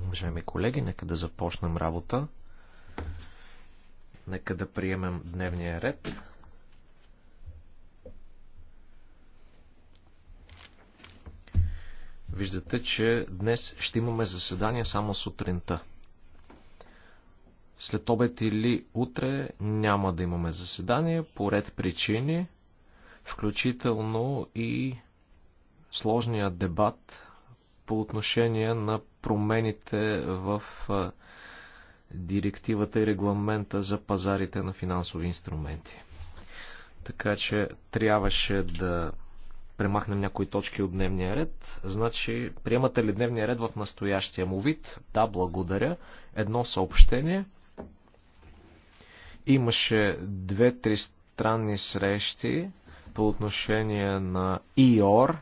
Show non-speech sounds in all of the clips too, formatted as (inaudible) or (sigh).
Уважаеми колеги, нека да започнем работа. Нека да приемем дневния ред. Виждате, че днес ще имаме заседание само сутринта. След обед или утре няма да имаме заседание по ред причини, включително и сложния дебат по отношение на промените в директивата и регламента за пазарите на финансови инструменти. Така че трябваше да премахнем някои точки от дневния ред. Значи, приемате ли дневния ред в настоящия му вид? Да, благодаря. Едно съобщение. Имаше две-три странни срещи по отношение на ИОР,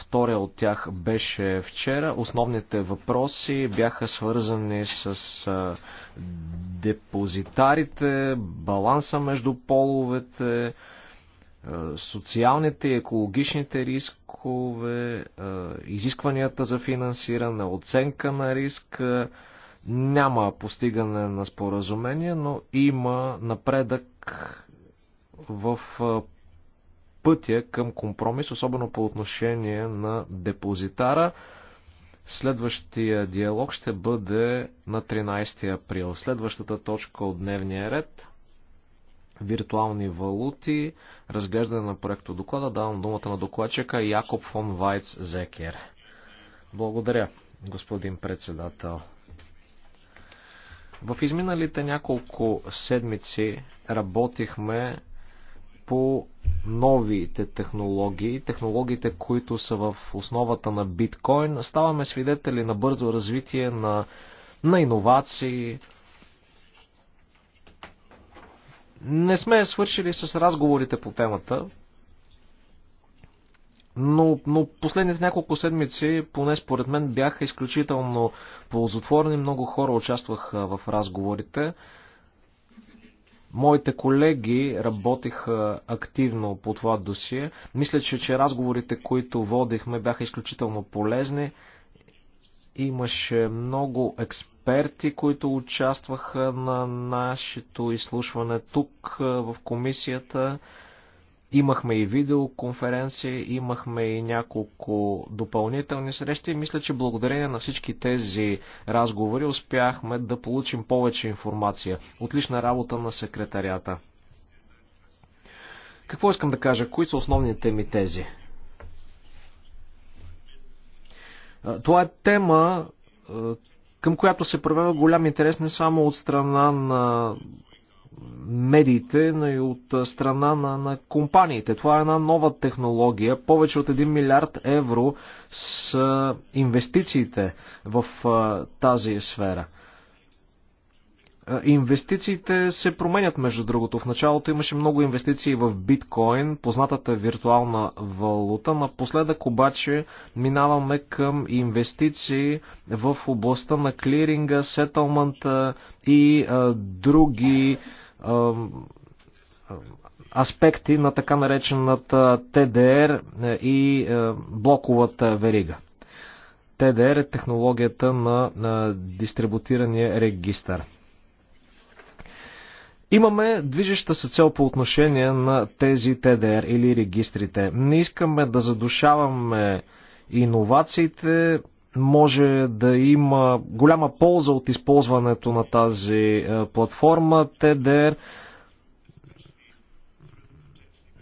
Втория от тях беше вчера. Основните въпроси бяха свързани с депозитарите, баланса между половете, социалните и екологичните рискове, изискванията за финансиране, оценка на риск. Няма постигане на споразумение, но има напредък в пътя към компромис, особено по отношение на депозитара. Следващия диалог ще бъде на 13 април. Следващата точка от дневния ред виртуални валути, разглеждане на проекто доклада. Давам думата на докладчика Якоб фон Вайц Зекер. Благодаря, господин председател. В изминалите няколко седмици работихме по новите технологии, технологиите, които са в основата на биткоин, ставаме свидетели на бързо развитие на, на иновации. Не сме свършили с разговорите по темата, но, но последните няколко седмици, поне според мен, бяха изключително ползотворни. Много хора участваха в разговорите. Моите колеги работиха активно по това досие. Мисля, че, че разговорите, които водихме, бяха изключително полезни. Имаше много експерти, които участваха на нашето изслушване тук в комисията. Имахме и видеоконференция, имахме и няколко допълнителни срещи и мисля, че благодарение на всички тези разговори успяхме да получим повече информация. Отлична работа на секретарията. Какво искам да кажа? Кои са основните ми тези? Това е тема, към която се проявява голям интерес не само от страна на медиите, но и от страна на, на компаниите. Това е една нова технология. Повече от 1 милиард евро с инвестициите в тази сфера. Инвестициите се променят, между другото. В началото имаше много инвестиции в биткоин, познатата виртуална валута. Напоследък обаче минаваме към инвестиции в областта на клиринга, сетълмента и а, други а, аспекти на така наречената ТДР и а, блоковата верига. ТДР е технологията на, на дистрибутирания регистър. Имаме движеща се цел по отношение на тези ТДР или регистрите. Не искаме да задушаваме иновациите, може да има голяма полза от използването на тази е, платформа ТДР,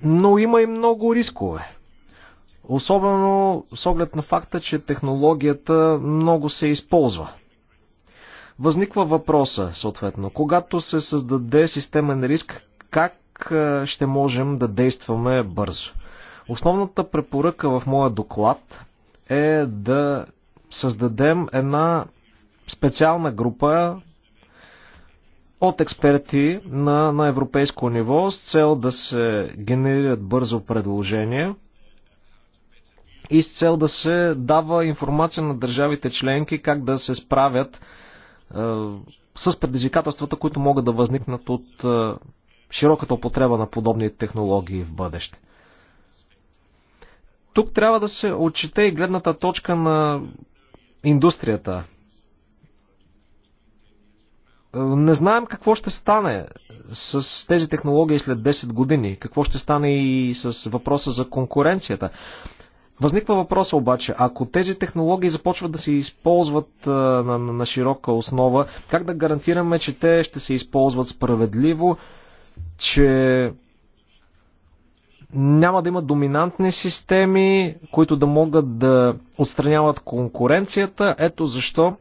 но има и много рискове. Особено с оглед на факта, че технологията много се използва. Възниква въпроса, съответно, когато се създаде системен риск, как ще можем да действаме бързо? Основната препоръка в моя доклад е да създадем една специална група от експерти на, на европейско ниво с цел да се генерират бързо предложения и с цел да се дава информация на държавите членки как да се справят е, с предизвикателствата, които могат да възникнат от е, широката употреба на подобни технологии в бъдеще. Тук трябва да се отчете и гледната точка на индустрията. Е, не знаем какво ще стане с тези технологии след 10 години, какво ще стане и с въпроса за конкуренцията. Възниква въпроса обаче, ако тези технологии започват да се използват на, на, на широка основа, как да гарантираме, че те ще се използват справедливо, че няма да има доминантни системи, които да могат да отстраняват конкуренцията. Ето защо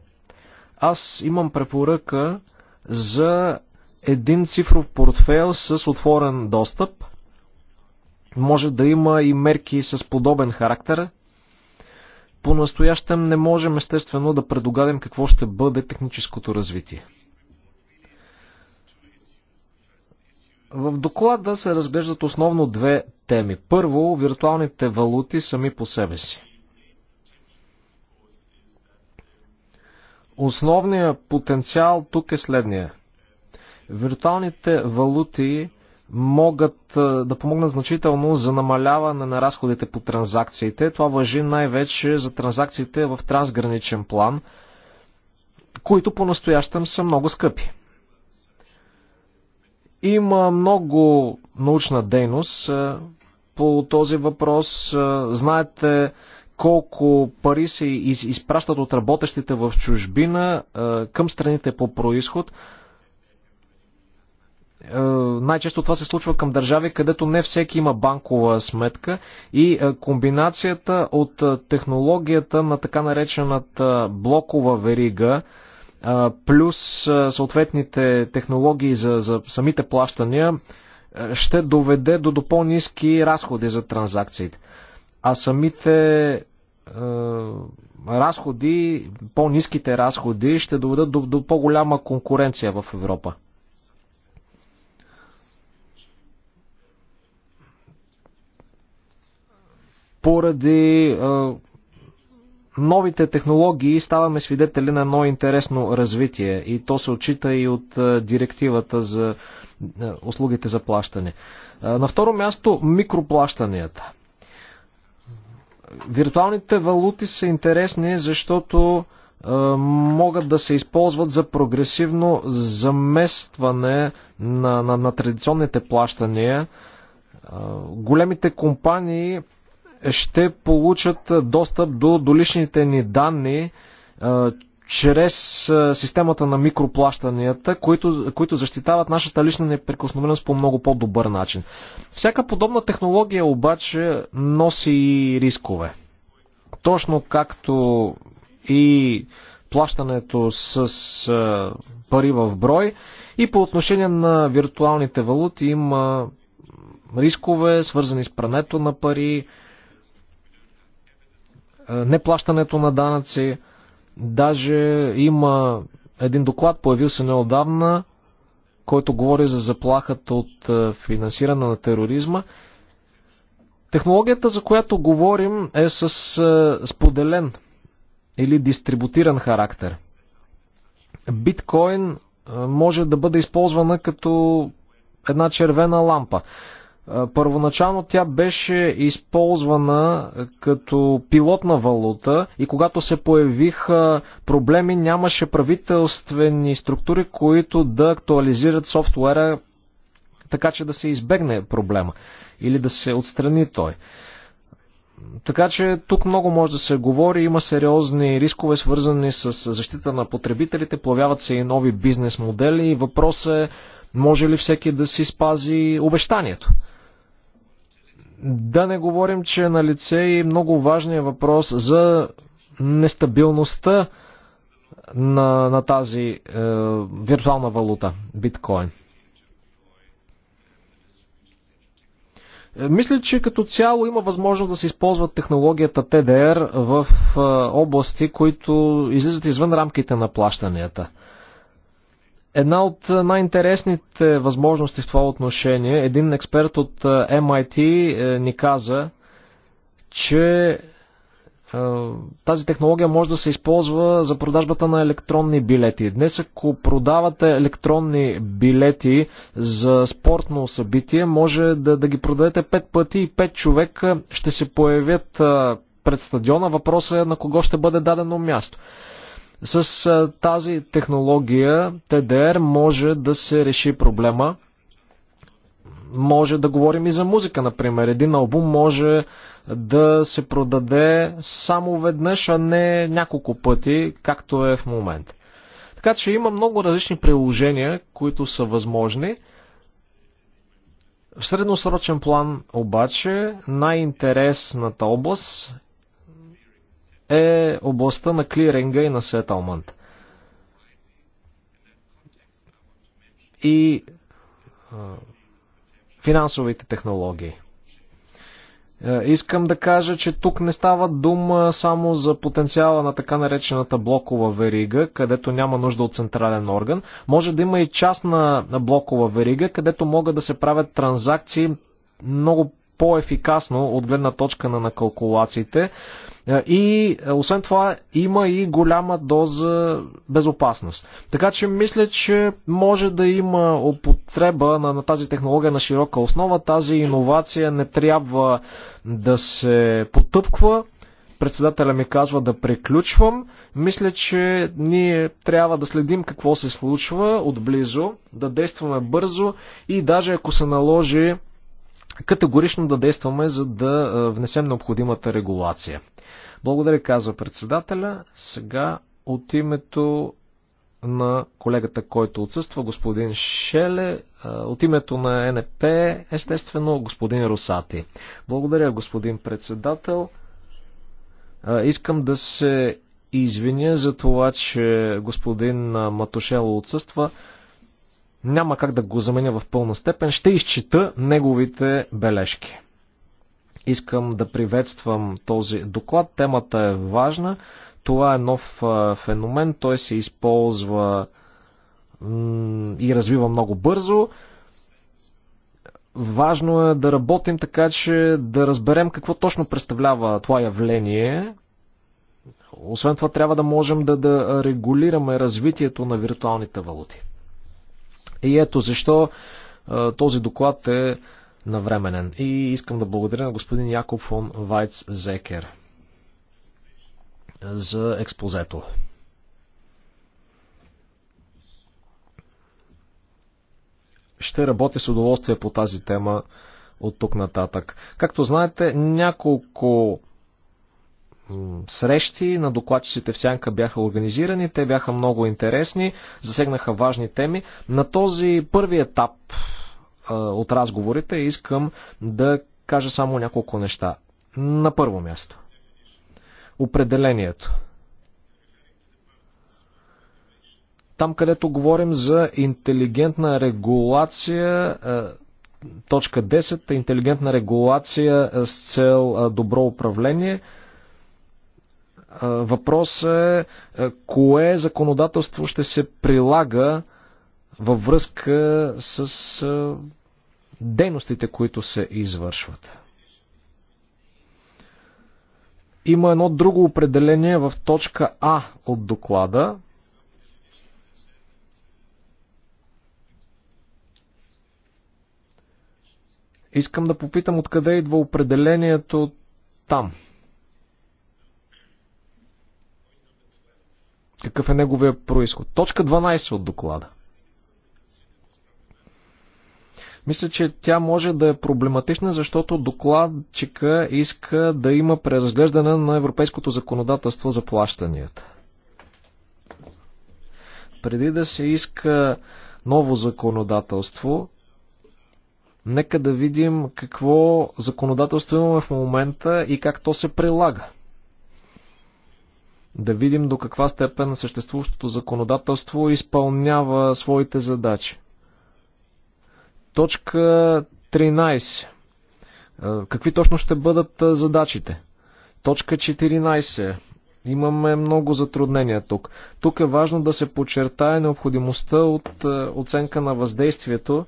аз имам препоръка за един цифров портфейл с отворен достъп. Може да има и мерки с подобен характер. По-настоящем не можем естествено да предугадим какво ще бъде техническото развитие. В доклада се разглеждат основно две теми. Първо, виртуалните валути сами по себе си. Основният потенциал тук е следния. Виртуалните валути могат да помогнат значително за намаляване на разходите по транзакциите. Това въжи най-вече за транзакциите в трансграничен план, които по-настоящем са много скъпи. Има много научна дейност по този въпрос. Знаете колко пари се изпращат от работещите в чужбина към страните по происход – е, най-често това се случва към държави, където не всеки има банкова сметка и е, комбинацията от е, технологията на така наречената блокова верига плюс съответните технологии за, за самите плащания ще доведе до, до по-низки разходи за транзакциите. А самите разходи, по-низките разходи ще доведат до, до по-голяма конкуренция в Европа. поради новите технологии ставаме свидетели на едно интересно развитие и то се отчита и от директивата за услугите за плащане. На второ място микроплащанията. Виртуалните валути са интересни, защото могат да се използват за прогресивно заместване на, на, на традиционните плащания. Големите компании ще получат достъп до, доличните ни данни чрез системата на микроплащанията, които, които защитават нашата лична неприкосновеност по много по-добър начин. Всяка подобна технология обаче носи и рискове. Точно както и плащането с а, пари в брой и по отношение на виртуалните валути има рискове, свързани с прането на пари, неплащането на данъци. Даже има един доклад, появил се неодавна, който говори за заплахата от финансиране на тероризма. Технологията, за която говорим, е с споделен или дистрибутиран характер. Биткоин може да бъде използвана като една червена лампа. Първоначално тя беше използвана като пилотна валута и когато се появиха проблеми, нямаше правителствени структури, които да актуализират софтуера така, че да се избегне проблема или да се отстрани той. Така че тук много може да се говори, има сериозни рискове свързани с защита на потребителите, появяват се и нови бизнес модели и въпрос е може ли всеки да си спази обещанието. Да не говорим, че е на лице и много важният въпрос за нестабилността на, на тази е, виртуална валута биткоин. Е, мисля, че като цяло има възможност да се използват технологията ТДР в е, области, които излизат извън рамките на плащанията. Една от най-интересните възможности в това отношение, един експерт от MIT е, ни каза, че тази технология може да се използва за продажбата на електронни билети. Днес, ако продавате електронни билети за спортно събитие, може да, да ги продадете пет пъти и пет човека ще се появят пред стадиона. Въпросът е на кого ще бъде дадено място. С тази технология ТДР може да се реши проблема. Може да говорим и за музика, например. Един албум може да се продаде само веднъж, а не няколко пъти, както е в момента. Така че има много различни приложения, които са възможни. В средносрочен план обаче най-интересната област е областта на клиринга и на сетълмент. И финансовите технологии. Е, искам да кажа, че тук не става дума само за потенциала на така наречената блокова верига, където няма нужда от централен орган. Може да има и частна блокова верига, където могат да се правят транзакции много по-ефикасно от гледна точка на, на калкулациите. Е, и е, освен това има и голяма доза безопасност. Така че мисля, че може да има употреба на, на тази технология на широка основа. Тази иновация не трябва да се потъпква. Председателя ми казва да приключвам. Мисля, че ние трябва да следим какво се случва отблизо, да действаме бързо и даже ако се наложи категорично да действаме, за да е, внесем необходимата регулация. Благодаря, казва председателя. Сега от името на колегата, който отсъства, господин Шеле, от името на НП, естествено, господин Русати. Благодаря, господин председател. Искам да се извиня за това, че господин Матошело отсъства. Няма как да го заменя в пълна степен. Ще изчита неговите бележки. Искам да приветствам този доклад. Темата е важна. Това е нов феномен. Той се използва и развива много бързо. Важно е да работим така, че да разберем какво точно представлява това явление. Освен това, трябва да можем да, да регулираме развитието на виртуалните валути. И ето защо този доклад е навременен. И искам да благодаря на господин Якоб фон Вайц Зекер за експозето. Ще работя с удоволствие по тази тема от тук нататък. Както знаете, няколко срещи на докладчиците в Сянка бяха организирани, те бяха много интересни, засегнаха важни теми. На този първи етап от разговорите, искам да кажа само няколко неща. На първо място. Определението. Там, където говорим за интелигентна регулация, точка 10, интелигентна регулация с цел добро управление, въпрос е кое законодателство ще се прилага във връзка с дейностите, които се извършват. Има едно друго определение в точка А от доклада, Искам да попитам откъде идва определението там. Какъв е неговия происход? Точка 12 от доклада. Мисля, че тя може да е проблематична, защото докладчика иска да има преразглеждане на европейското законодателство за плащанията. Преди да се иска ново законодателство, нека да видим какво законодателство имаме в момента и как то се прилага. Да видим до каква степен съществуващото законодателство изпълнява своите задачи. Точка 13. Какви точно ще бъдат задачите? Точка 14. Имаме много затруднения тук. Тук е важно да се подчертае необходимостта от оценка на въздействието,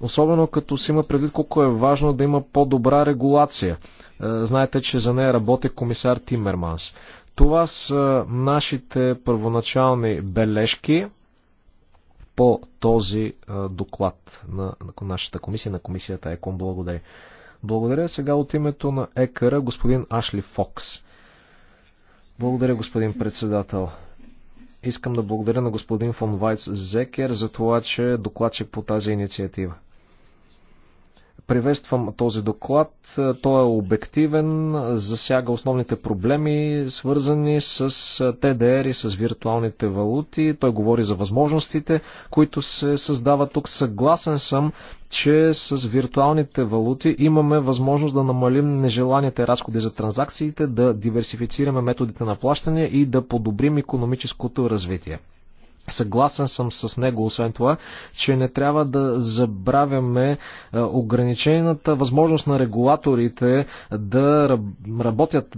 особено като се има предвид колко е важно да има по-добра регулация. Знаете, че за нея работи комисар Тимерманс. Това са нашите първоначални бележки по този доклад на нашата комисия, на комисията ЕКОН. Благодаря. Благодаря сега от името на ЕКР господин Ашли Фокс. Благодаря, господин председател. Искам да благодаря на господин фон Вайц Зекер за това, че е докладчик по тази инициатива. Приветствам този доклад. Той е обективен, засяга основните проблеми, свързани с ТДР и с виртуалните валути. Той говори за възможностите, които се създават тук. Съгласен съм, че с виртуалните валути имаме възможност да намалим нежеланите разходи за транзакциите, да диверсифицираме методите на плащане и да подобрим економическото развитие. Съгласен съм с него, освен това, че не трябва да забравяме е, ограничената възможност на регулаторите да работят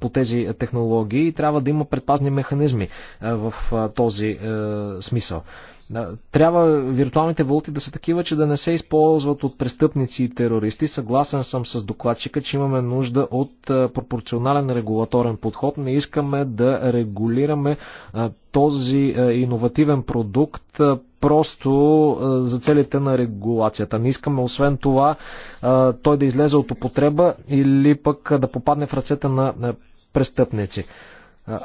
по тези технологии и трябва да има предпазни механизми е, в е, този смисъл. Трябва виртуалните валути да са такива, че да не се използват от престъпници и терористи. Съгласен съм с докладчика, че имаме нужда от пропорционален регулаторен подход. Не искаме да регулираме този иновативен продукт просто за целите на регулацията. Не искаме освен това той да излезе от употреба или пък да попадне в ръцете на престъпници.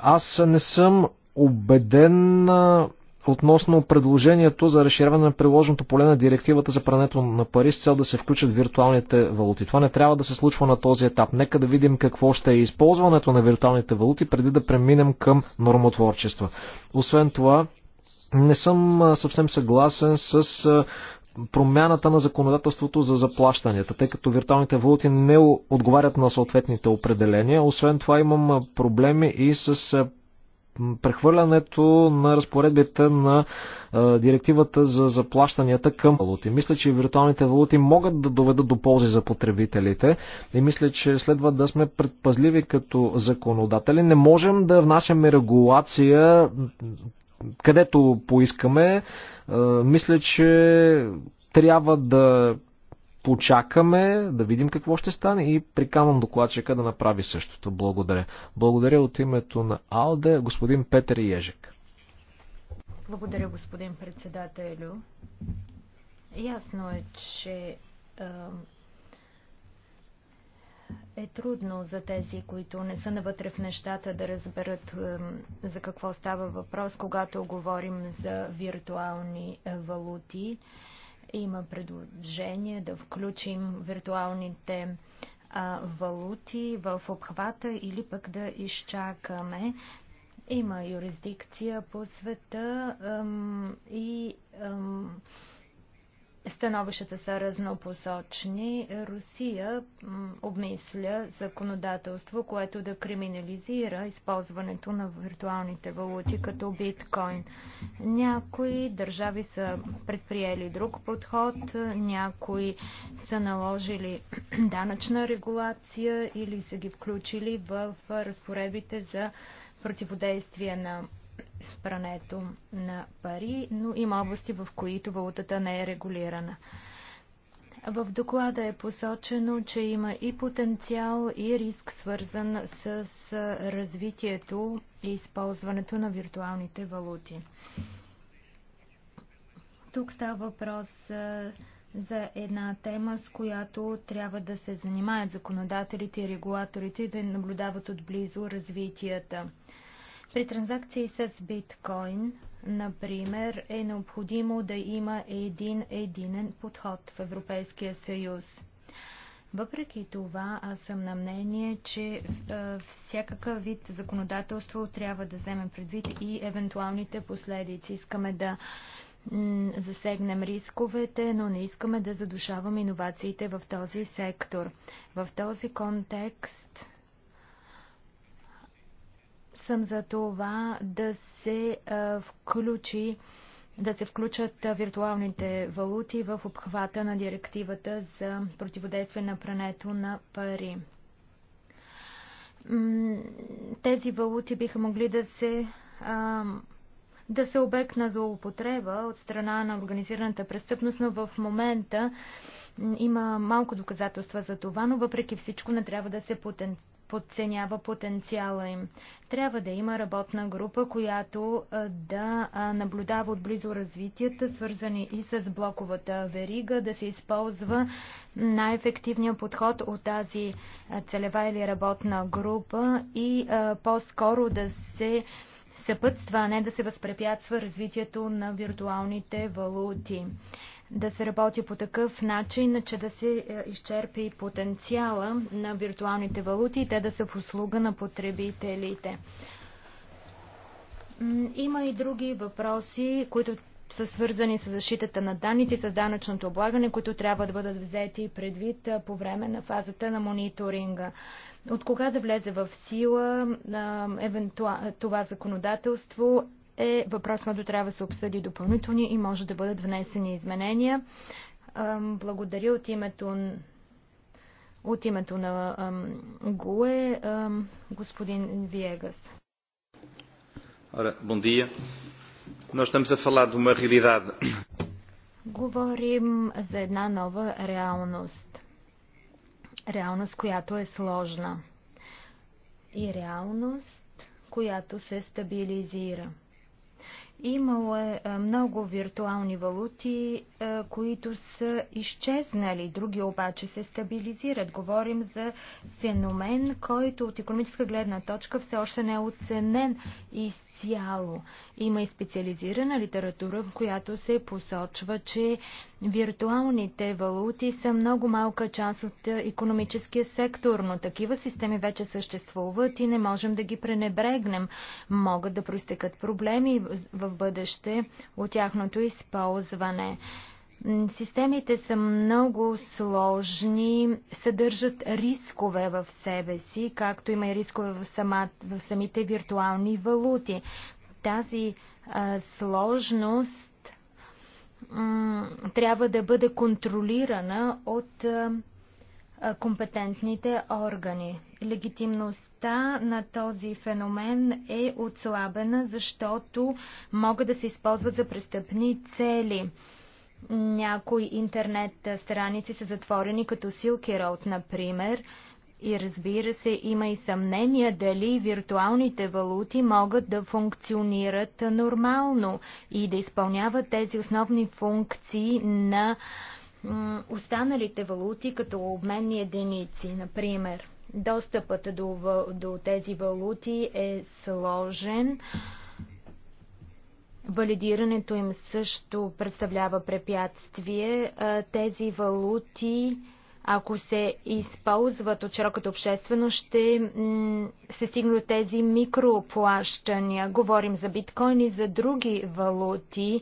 Аз не съм убеден относно предложението за разширяване на приложеното поле на директивата за прането на пари с цел да се включат виртуалните валути. Това не трябва да се случва на този етап. Нека да видим какво ще е използването на виртуалните валути преди да преминем към нормотворчество. Освен това, не съм съвсем съгласен с промяната на законодателството за заплащанията, тъй като виртуалните валути не отговарят на съответните определения. Освен това имам проблеми и с прехвърлянето на разпоредбите на а, директивата за заплащанията към валути. Мисля, че виртуалните валути могат да доведат до ползи за потребителите и мисля, че следва да сме предпазливи като законодатели. Не можем да внасяме регулация където поискаме. А, мисля, че трябва да почакаме да видим какво ще стане и приканвам докладчика да направи същото. Благодаря. Благодаря от името на АЛДЕ, господин Петър Ежек. Благодаря, господин председателю. Ясно е, че е трудно за тези, които не са навътре в нещата, да разберат за какво става въпрос, когато говорим за виртуални е, валути. Има предложение да включим виртуалните а, валути в обхвата или пък да изчакаме. Има юрисдикция по света ам, и ам, Становищата са разнопосочни. Русия обмисля законодателство, което да криминализира използването на виртуалните валути като биткоин. Някои държави са предприели друг подход, някои са наложили (clears throat) данъчна регулация или са ги включили в разпоредбите за противодействие на прането на пари, но има области, в които валутата не е регулирана. В доклада е посочено, че има и потенциал, и риск свързан с развитието и използването на виртуалните валути. Тук става въпрос за една тема, с която трябва да се занимаят законодателите и регулаторите и да наблюдават отблизо развитията. При транзакции с биткоин, например, е необходимо да има един единен подход в Европейския съюз. Въпреки това, аз съм на мнение, че всякакъв вид законодателство трябва да вземем предвид и евентуалните последици. Искаме да засегнем рисковете, но не искаме да задушаваме иновациите в този сектор. В този контекст съм за това да се включи да се включат виртуалните валути в обхвата на директивата за противодействие на прането на пари. Тези валути биха могли да се да се обект на злоупотреба от страна на организираната престъпност, но в момента има малко доказателства за това, но въпреки всичко не трябва да се потен подценява потенциала им. Трябва да има работна група, която да наблюдава отблизо развитията, свързани и с блоковата верига, да се използва най-ефективният подход от тази целева или работна група и по-скоро да се съпътства, а не да се възпрепятства развитието на виртуалните валути. Да се работи по такъв начин, че да се е, изчерпи потенциала на виртуалните валути и те да са в услуга на потребителите. Има и други въпроси, които са свързани с защитата на данните с данъчното облагане, които трябва да бъдат взети предвид по време на фазата на мониторинга. От кога да влезе в сила това законодателство е въпрос, който трябва да се обсъди допълнително и може да бъдат внесени изменения. Благодаря от името от името на ГУЕ господин Виегас. Ora, dia. Nós estamos a falar de uma realidade. Говорим за една нова реалност. Реалност, която е сложна. И реалност, която се стабилизира. Имало е, е много виртуални валути, е, които са изчезнали, други обаче се стабилизират. Говорим за феномен, който от економическа гледна точка все още не е оценен и цяло. Има и специализирана литература, в която се посочва, че виртуалните валути са много малка част от економическия сектор, но такива системи вече съществуват и не можем да ги пренебрегнем. Могат да проистекат проблеми в бъдеще от тяхното използване. Системите са много сложни, съдържат рискове в себе си, както има и рискове в, сама, в самите виртуални валути. Тази а, сложност трябва да бъде контролирана от а, компетентните органи. Легитимността на този феномен е отслабена, защото могат да се използват за престъпни цели. Някои интернет страници са затворени, като Silk Road, например. И разбира се, има и съмнения дали виртуалните валути могат да функционират нормално и да изпълняват тези основни функции на останалите валути, като обменни единици, например. Достъпът до, до тези валути е сложен. Валидирането им също представлява препятствие. Тези валути, ако се използват от широката общественост, ще се стигне тези микроплащания. Говорим за биткоин и за други валути.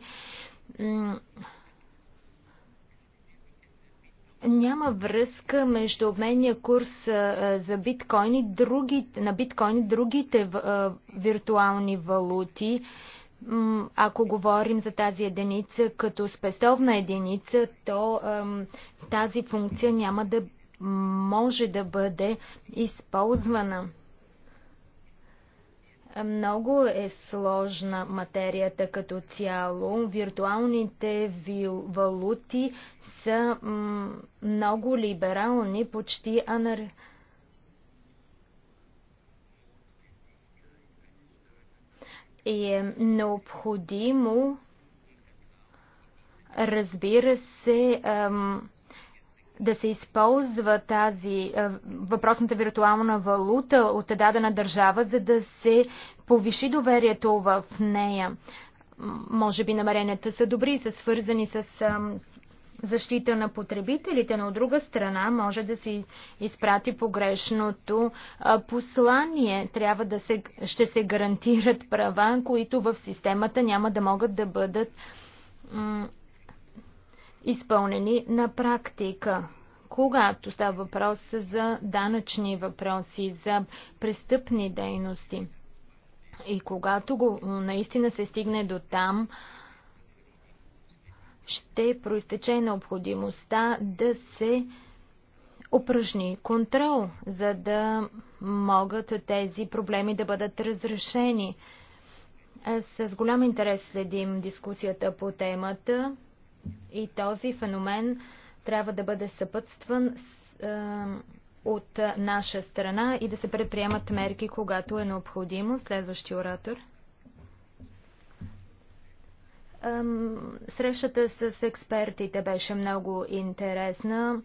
Няма връзка между обменния курс за биткоини и други, на биткоини другите виртуални валути ако говорим за тази единица като спестовна единица, то тази функция няма да може да бъде използвана. Много е сложна материята като цяло. Виртуалните валути са много либерални, почти анархични е необходимо, разбира се, да се използва тази въпросната виртуална валута от дадена държава, за да се повиши доверието в нея. Може би намеренията са добри са свързани с защита на потребителите, но от друга страна може да се изпрати погрешното послание. Трябва да се, ще се гарантират права, които в системата няма да могат да бъдат изпълнени на практика. Когато става въпрос за данъчни въпроси, за престъпни дейности и когато го, наистина се стигне до там, ще проистече необходимостта да се упражни контрол, за да могат тези проблеми да бъдат разрешени. С голям интерес следим дискусията по темата и този феномен трябва да бъде съпътстван е, от наша страна и да се предприемат мерки, когато е необходимо. Следващи оратор. Срещата с експертите беше много интересна.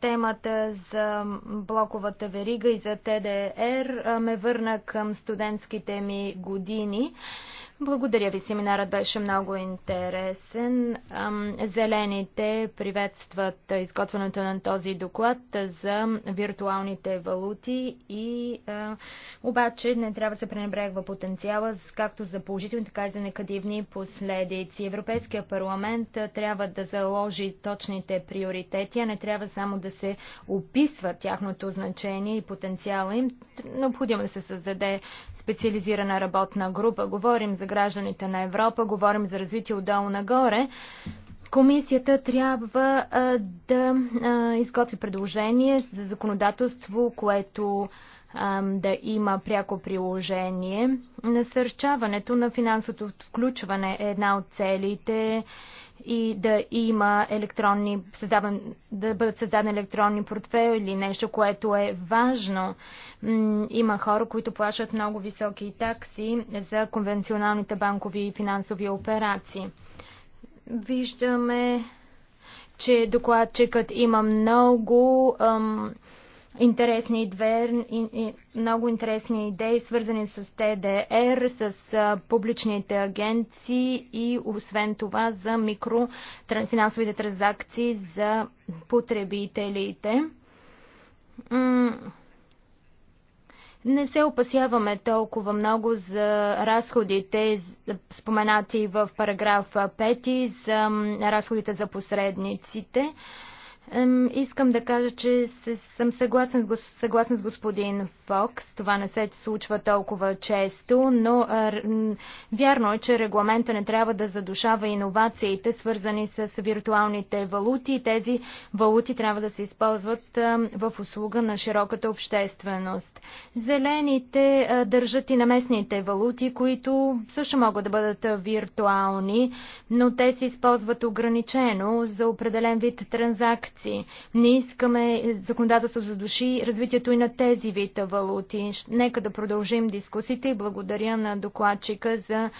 Темата за блоковата верига и за ТДР ме върна към студентските ми години. Благодаря ви. Семинарът беше много интересен. Зелените приветстват изготвянето на този доклад за виртуалните валути и обаче не трябва да се пренебрегва потенциала както за положителни, така и за негативни последици. Европейския парламент трябва да заложи точните приоритети, а не трябва само да се описва тяхното значение и потенциала им. Необходимо е да се създаде специализирана работна група. Говорим за за гражданите на Европа, говорим за развитие отдолу нагоре, Комисията трябва а, да а, изготви предложение за законодателство, което а, да има пряко приложение. Насърчаването на финансовото включване е една от целите и да има електронни, създаван, да бъдат създадени електронни портфели, или нещо, което е важно. Има хора, които плащат много високи такси за конвенционалните банкови и финансови операции. Виждаме, че докладчикът има много ам, интересни две, много интересни идеи, свързани с ТДР, с публичните агенции и освен това за микрофинансовите транзакции за потребителите. Не се опасяваме толкова много за разходите, споменати в параграф 5, за разходите за посредниците. Искам да кажа, че съм съгласен с, съгласен с господин Фокс. Това не се случва толкова често, но вярно е, че регламента не трябва да задушава иновациите, свързани с виртуалните валути. Тези валути трябва да се използват в услуга на широката общественост. Зелените държат и на местните валути, които също могат да бъдат виртуални, но те се използват ограничено за определен вид транзакции корекции. Не искаме законодателство за души развитието и на тези вита валути. Нека да продължим дискусите и благодаря на докладчика за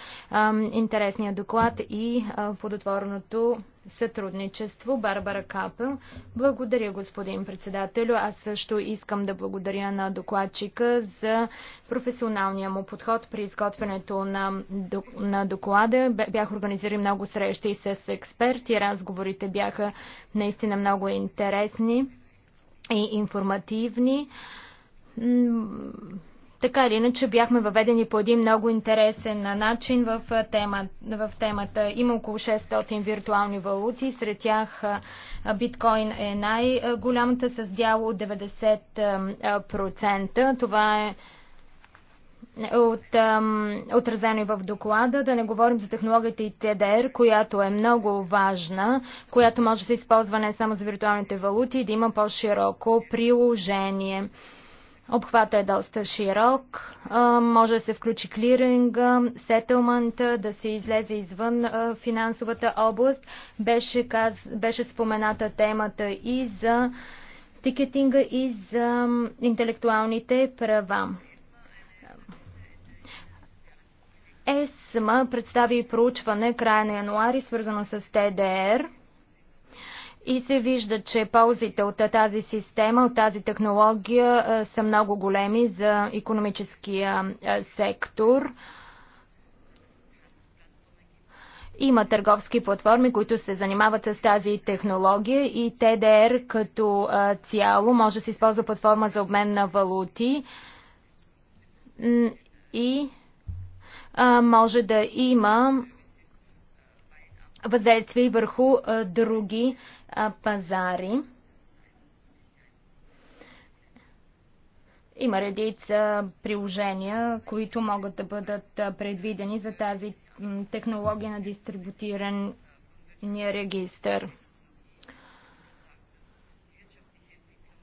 интересния доклад и а, плодотворното сътрудничество. Барбара Капел. Благодаря, господин председателю. Аз също искам да благодаря на докладчика за професионалния му подход при изготвянето на, на доклада. Бях организирали много срещи с експерти. Разговорите бяха наистина много интересни и информативни така или иначе бяхме въведени по един много интересен начин в, тема, в темата. Има около 600 виртуални валути, сред тях биткоин е най-голямата с дяло от 90%. Това е, е от, отразено и в доклада, да не говорим за технологията и ТДР, която е много важна, която може да се използва не само за виртуалните валути, да има по-широко приложение. Обхватът е доста широк. Може да се включи клиринга, сетълмента, да се излезе извън финансовата област. Беше, каз... беше спомената темата и за тикетинга, и за интелектуалните права. ЕСМА представи проучване края на януари, свързано с ТДР – и се вижда, че ползите от тази система, от тази технология са много големи за економическия сектор. Има търговски платформи, които се занимават с тази технология и ТДР като цяло може да се използва платформа за обмен на валути и може да има въздействие върху други пазари. Има редица приложения, които могат да бъдат предвидени за тази технология на дистрибутиран регистър.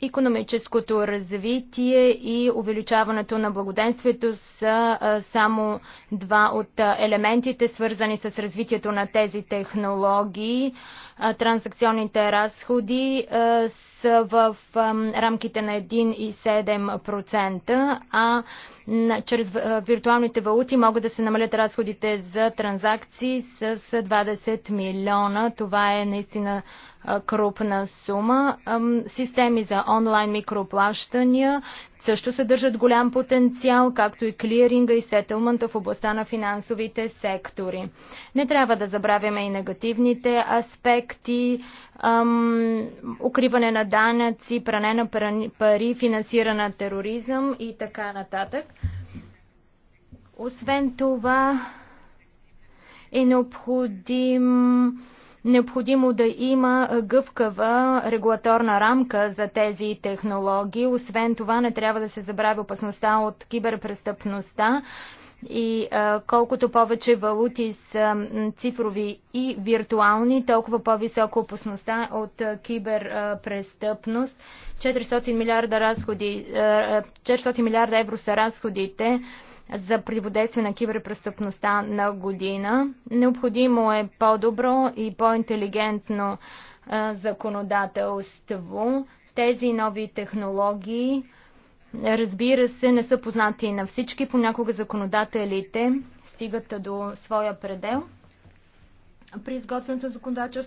Економическото развитие и увеличаването на благоденствието са само два от елементите, свързани с развитието на тези технологии. Трансакционните разходи са в рамките на 1,7%, а чрез виртуалните валути могат да се намалят разходите за транзакции с 20 милиона. Това е наистина крупна сума. Системи за онлайн микроплащания, също съдържат голям потенциал, както и клиринга и сетълмента в областта на финансовите сектори. Не трябва да забравяме и негативните аспекти, ам, укриване на данъци, пране на пари, финансиране на тероризъм и така нататък. Освен това е необходим Необходимо да има гъвкава регулаторна рамка за тези технологии. Освен това, не трябва да се забравя опасността от киберпрестъпността и а, колкото повече валути са цифрови и виртуални, толкова по-висока опасността от киберпрестъпност. 400 милиарда, разходи, 400 милиарда евро са разходите за приводействие на киберпрестъпността на година. Необходимо е по-добро и по-интелигентно законодателство. Тези нови технологии, разбира се, не са познати на всички. Понякога законодателите стигат до своя предел при изготвянето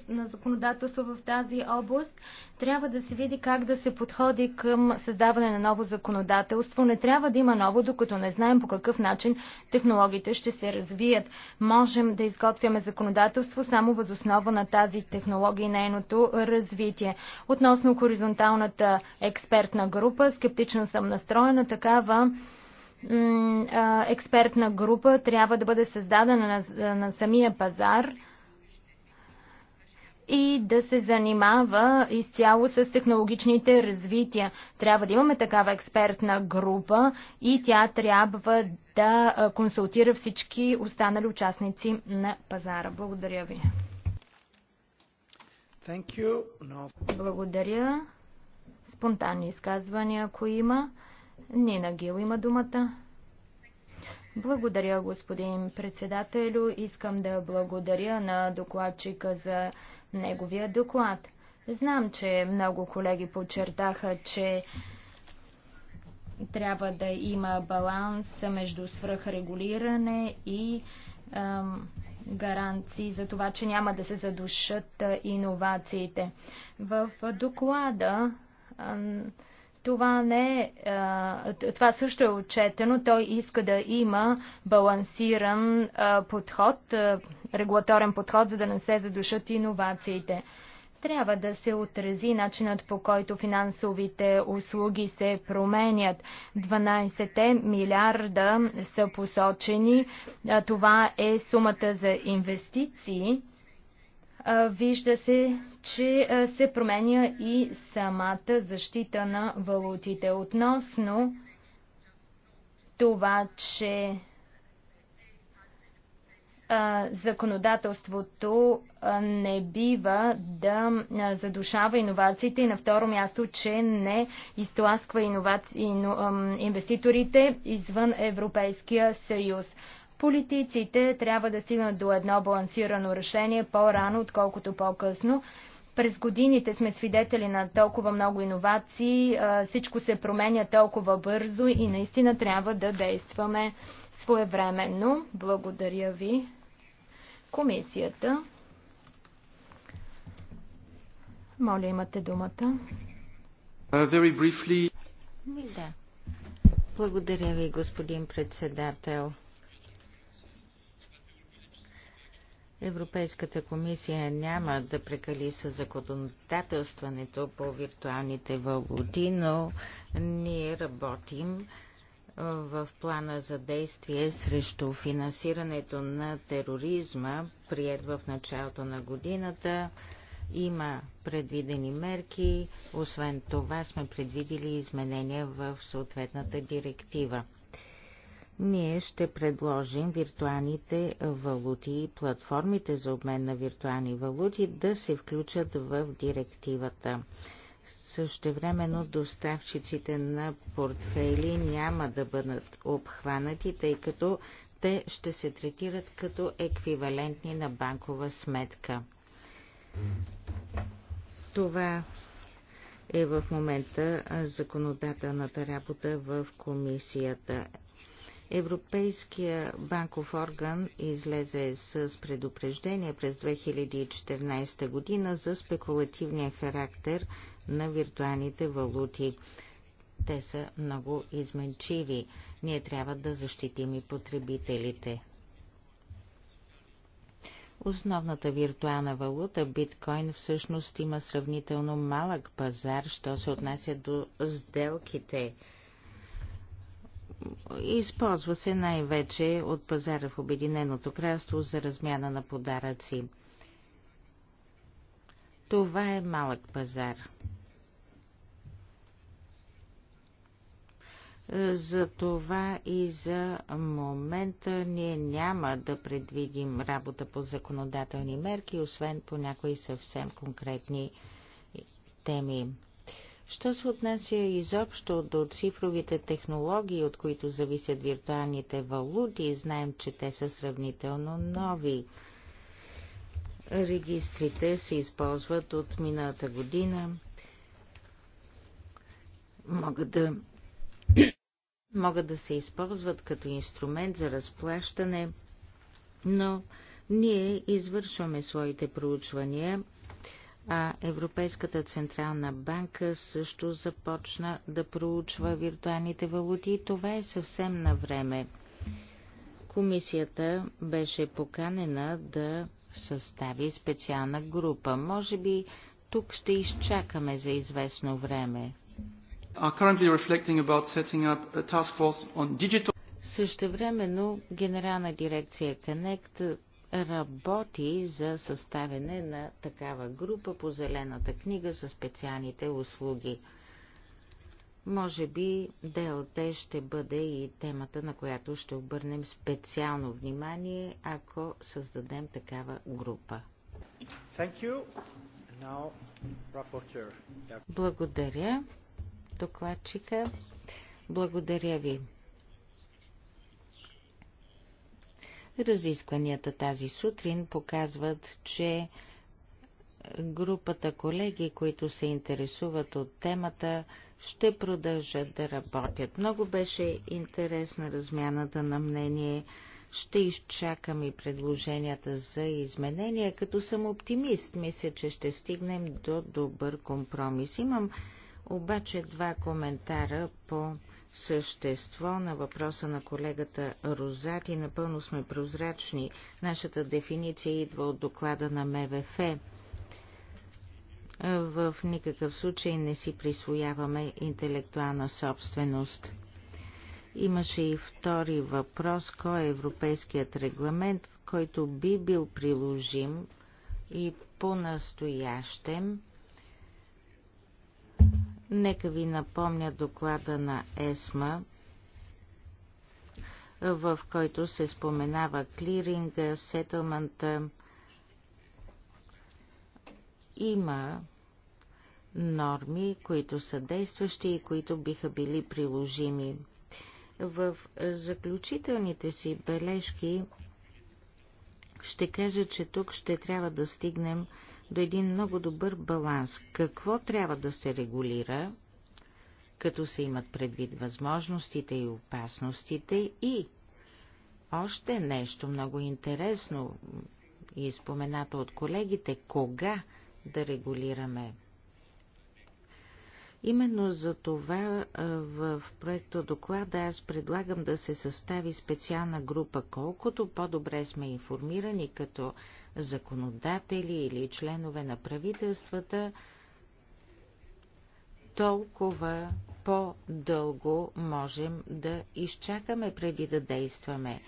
на законодателство в тази област, трябва да се види как да се подходи към създаване на ново законодателство. Не трябва да има ново, докато не знаем по какъв начин технологиите ще се развият. Можем да изготвяме законодателство само възоснова на тази технология и нейното развитие. Относно хоризонталната експертна група, скептично съм настроена такава експертна група трябва да бъде създадена на, на самия пазар и да се занимава изцяло с технологичните развития. Трябва да имаме такава експертна група и тя трябва да консултира всички останали участници на пазара. Благодаря ви. Thank you. No. Благодаря. Спонтанни изказвания, ако има. Нина Гил има думата. Благодаря, господин председателю. Искам да благодаря на докладчика за неговия доклад. Знам, че много колеги подчертаха, че трябва да има баланс между свръхрегулиране и ем, гаранции за това, че няма да се задушат иновациите. В доклада ем, това, не, това също е отчетено. Той иска да има балансиран подход, регулаторен подход, за да не се задушат иновациите. Трябва да се отрази начинът по който финансовите услуги се променят. 12 милиарда са посочени. Това е сумата за инвестиции вижда се, че се променя и самата защита на валутите. Относно това, че законодателството не бива да задушава иновациите и на второ място, че не изтласква инвеститорите извън Европейския съюз. Политиците трябва да стигнат до едно балансирано решение по-рано, отколкото по-късно. През годините сме свидетели на толкова много иновации, всичко се променя толкова бързо и наистина трябва да действаме своевременно. Благодаря ви. Комисията. Моля, имате думата. Uh, Благодаря ви, господин председател. Европейската комисия няма да прекали с законодателстването по виртуалните валути, но ние работим в плана за действие срещу финансирането на тероризма, прият в началото на годината. Има предвидени мерки, освен това сме предвидили изменения в съответната директива ние ще предложим виртуалните валути и платформите за обмен на виртуални валути да се включат в директивата. Същевременно доставчиците на портфейли няма да бъдат обхванати, тъй като те ще се третират като еквивалентни на банкова сметка. Това е в момента законодателната работа в комисията. Европейския банков орган излезе с предупреждение през 2014 година за спекулативния характер на виртуалните валути. Те са много изменчиви. Ние трябва да защитим и потребителите. Основната виртуална валута биткоин всъщност има сравнително малък пазар, що се отнася до сделките – Използва се най-вече от пазара в Обединеното кралство за размяна на подаръци. Това е малък пазар. За това и за момента ние няма да предвидим работа по законодателни мерки, освен по някои съвсем конкретни теми. Що се отнася изобщо до цифровите технологии, от които зависят виртуалните валути, знаем, че те са сравнително нови. Регистрите се използват от миналата година. Могат да, могат да се използват като инструмент за разплащане, но ние извършваме своите проучвания а Европейската централна банка също започна да проучва виртуалните валути и това е съвсем на време. Комисията беше поканена да състави специална група. Може би тук ще изчакаме за известно време. Digital... Същевременно Генерална дирекция Connect работи за съставяне на такава група по зелената книга за специалните услуги. Може би ДЛТ ще бъде и темата, на която ще обърнем специално внимание, ако създадем такава група. Now, Благодаря, докладчика. Благодаря ви. Разискванията тази сутрин показват, че групата колеги, които се интересуват от темата, ще продължат да работят. Много беше интересна размяната на мнение. Ще изчакам и предложенията за изменения. Като съм оптимист, мисля, че ще стигнем до добър компромис. Имам обаче два коментара по същество на въпроса на колегата Розати. Напълно сме прозрачни. Нашата дефиниция идва от доклада на МВФ. В никакъв случай не си присвояваме интелектуална собственост. Имаше и втори въпрос, кой е европейският регламент, който би бил приложим и по-настоящем Нека ви напомня доклада на ЕСМА, в който се споменава клиринга, сетълмента. Има норми, които са действащи и които биха били приложими. В заключителните си бележки ще кажа, че тук ще трябва да стигнем до един много добър баланс. Какво трябва да се регулира, като се имат предвид възможностите и опасностите и още нещо много интересно и споменато от колегите, кога да регулираме Именно за това в проекта доклада аз предлагам да се състави специална група, колкото по-добре сме информирани като законодатели или членове на правителствата, толкова по-дълго можем да изчакаме преди да действаме.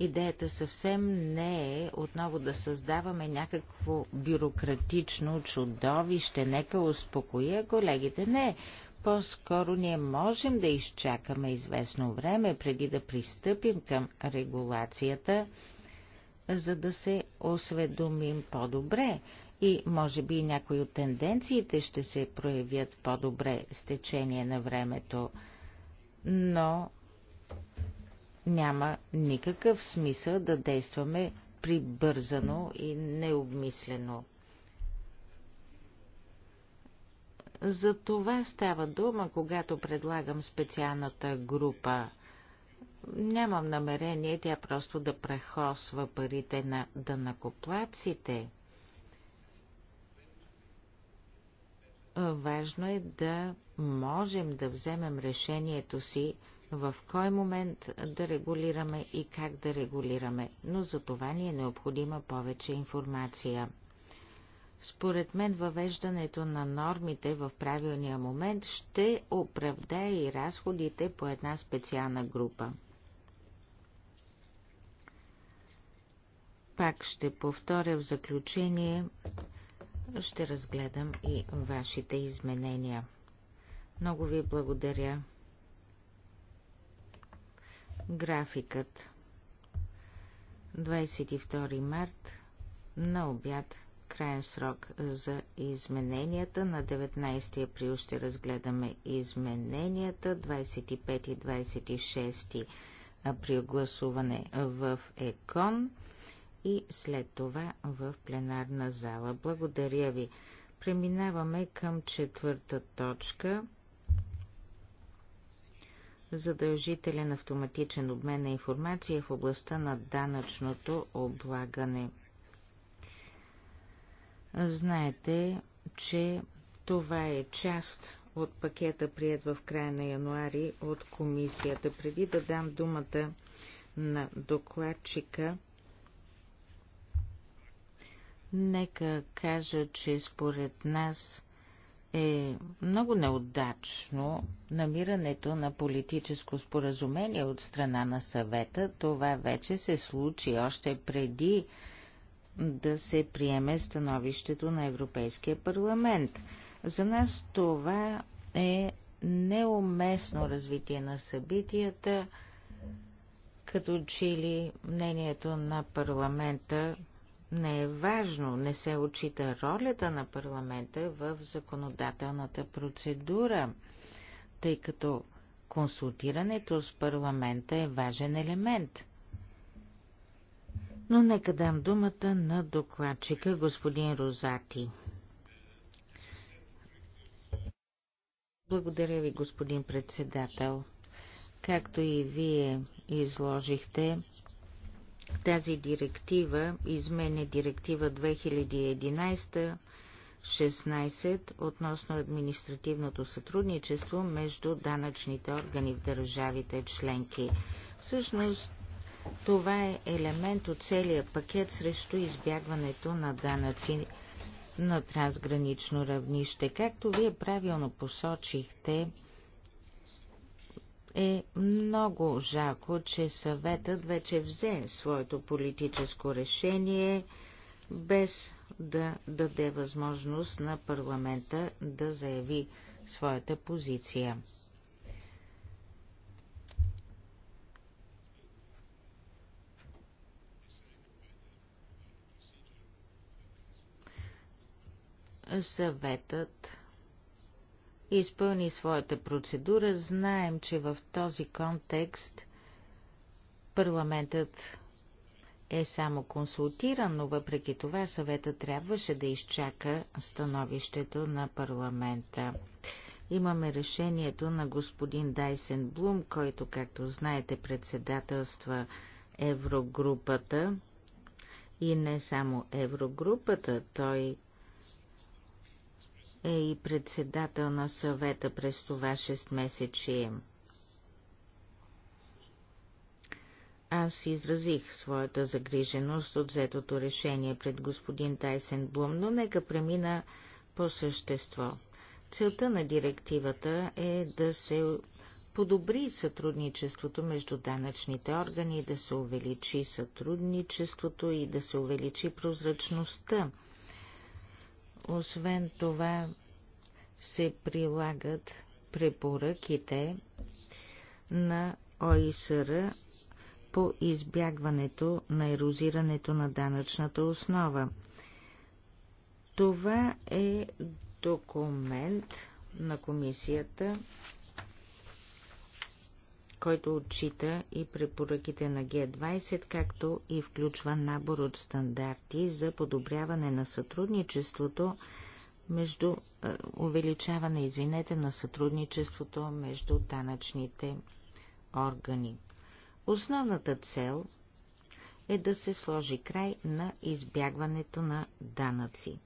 Идеята съвсем не е отново да създаваме някакво бюрократично чудовище. Нека успокоя колегите. Не, по-скоро ние можем да изчакаме известно време преди да пристъпим към регулацията, за да се осведомим по-добре и може би някои от тенденциите ще се проявят по-добре с течение на времето. Но няма никакъв смисъл да действаме прибързано и необмислено. За това става дума, когато предлагам специалната група. Нямам намерение тя просто да прехосва парите на дънакоплаците. Важно е да можем да вземем решението си в кой момент да регулираме и как да регулираме, но за това ни е необходима повече информация. Според мен въвеждането на нормите в правилния момент ще оправдае и разходите по една специална група. Пак ще повторя в заключение, ще разгледам и вашите изменения. Много ви благодаря. Графикът 22 март на обяд крайен срок за измененията. На 19 април ще разгледаме измененията. 25 и 26 април гласуване в ЕКОН и след това в пленарна зала. Благодаря ви. Преминаваме към четвърта точка – задължителен автоматичен обмен на информация в областта на данъчното облагане. Знаете, че това е част от пакета, прият в края на януари от комисията. Преди да дам думата на докладчика, нека кажа, че според нас е много неудачно намирането на политическо споразумение от страна на съвета. Това вече се случи още преди да се приеме становището на Европейския парламент. За нас това е неуместно развитие на събитията, като че ли мнението на парламента не е важно, не се отчита ролята на парламента в законодателната процедура, тъй като консултирането с парламента е важен елемент. Но нека дам думата на докладчика господин Розати. Благодаря ви, господин председател. Както и вие изложихте, тази директива изменя директива 2011-16 относно административното сътрудничество между данъчните органи в държавите членки. Всъщност това е елемент от целия пакет срещу избягването на данъци на трансгранично равнище. Както вие правилно посочихте, е много жако, че съветът вече взе своето политическо решение, без да даде възможност на парламента да заяви своята позиция. Съветът изпълни своята процедура. Знаем, че в този контекст парламентът е само консултиран, но въпреки това съвета трябваше да изчака становището на парламента. Имаме решението на господин Дайсен Блум, който, както знаете, председателства Еврогрупата и не само Еврогрупата, той е и председател на съвета през това 6 месечие. Аз изразих своята загриженост от взетото решение пред господин Тайсен Блум, но нека премина по същество. Целта на директивата е да се подобри сътрудничеството между данъчните органи, да се увеличи сътрудничеството и да се увеличи прозрачността освен това се прилагат препоръките на ОИСР по избягването на ерозирането на данъчната основа. Това е документ на комисията който отчита и препоръките на Г-20, както и включва набор от стандарти за подобряване на сътрудничеството между е, увеличаване, извинете, на сътрудничеството между данъчните органи. Основната цел е да се сложи край на избягването на данъци.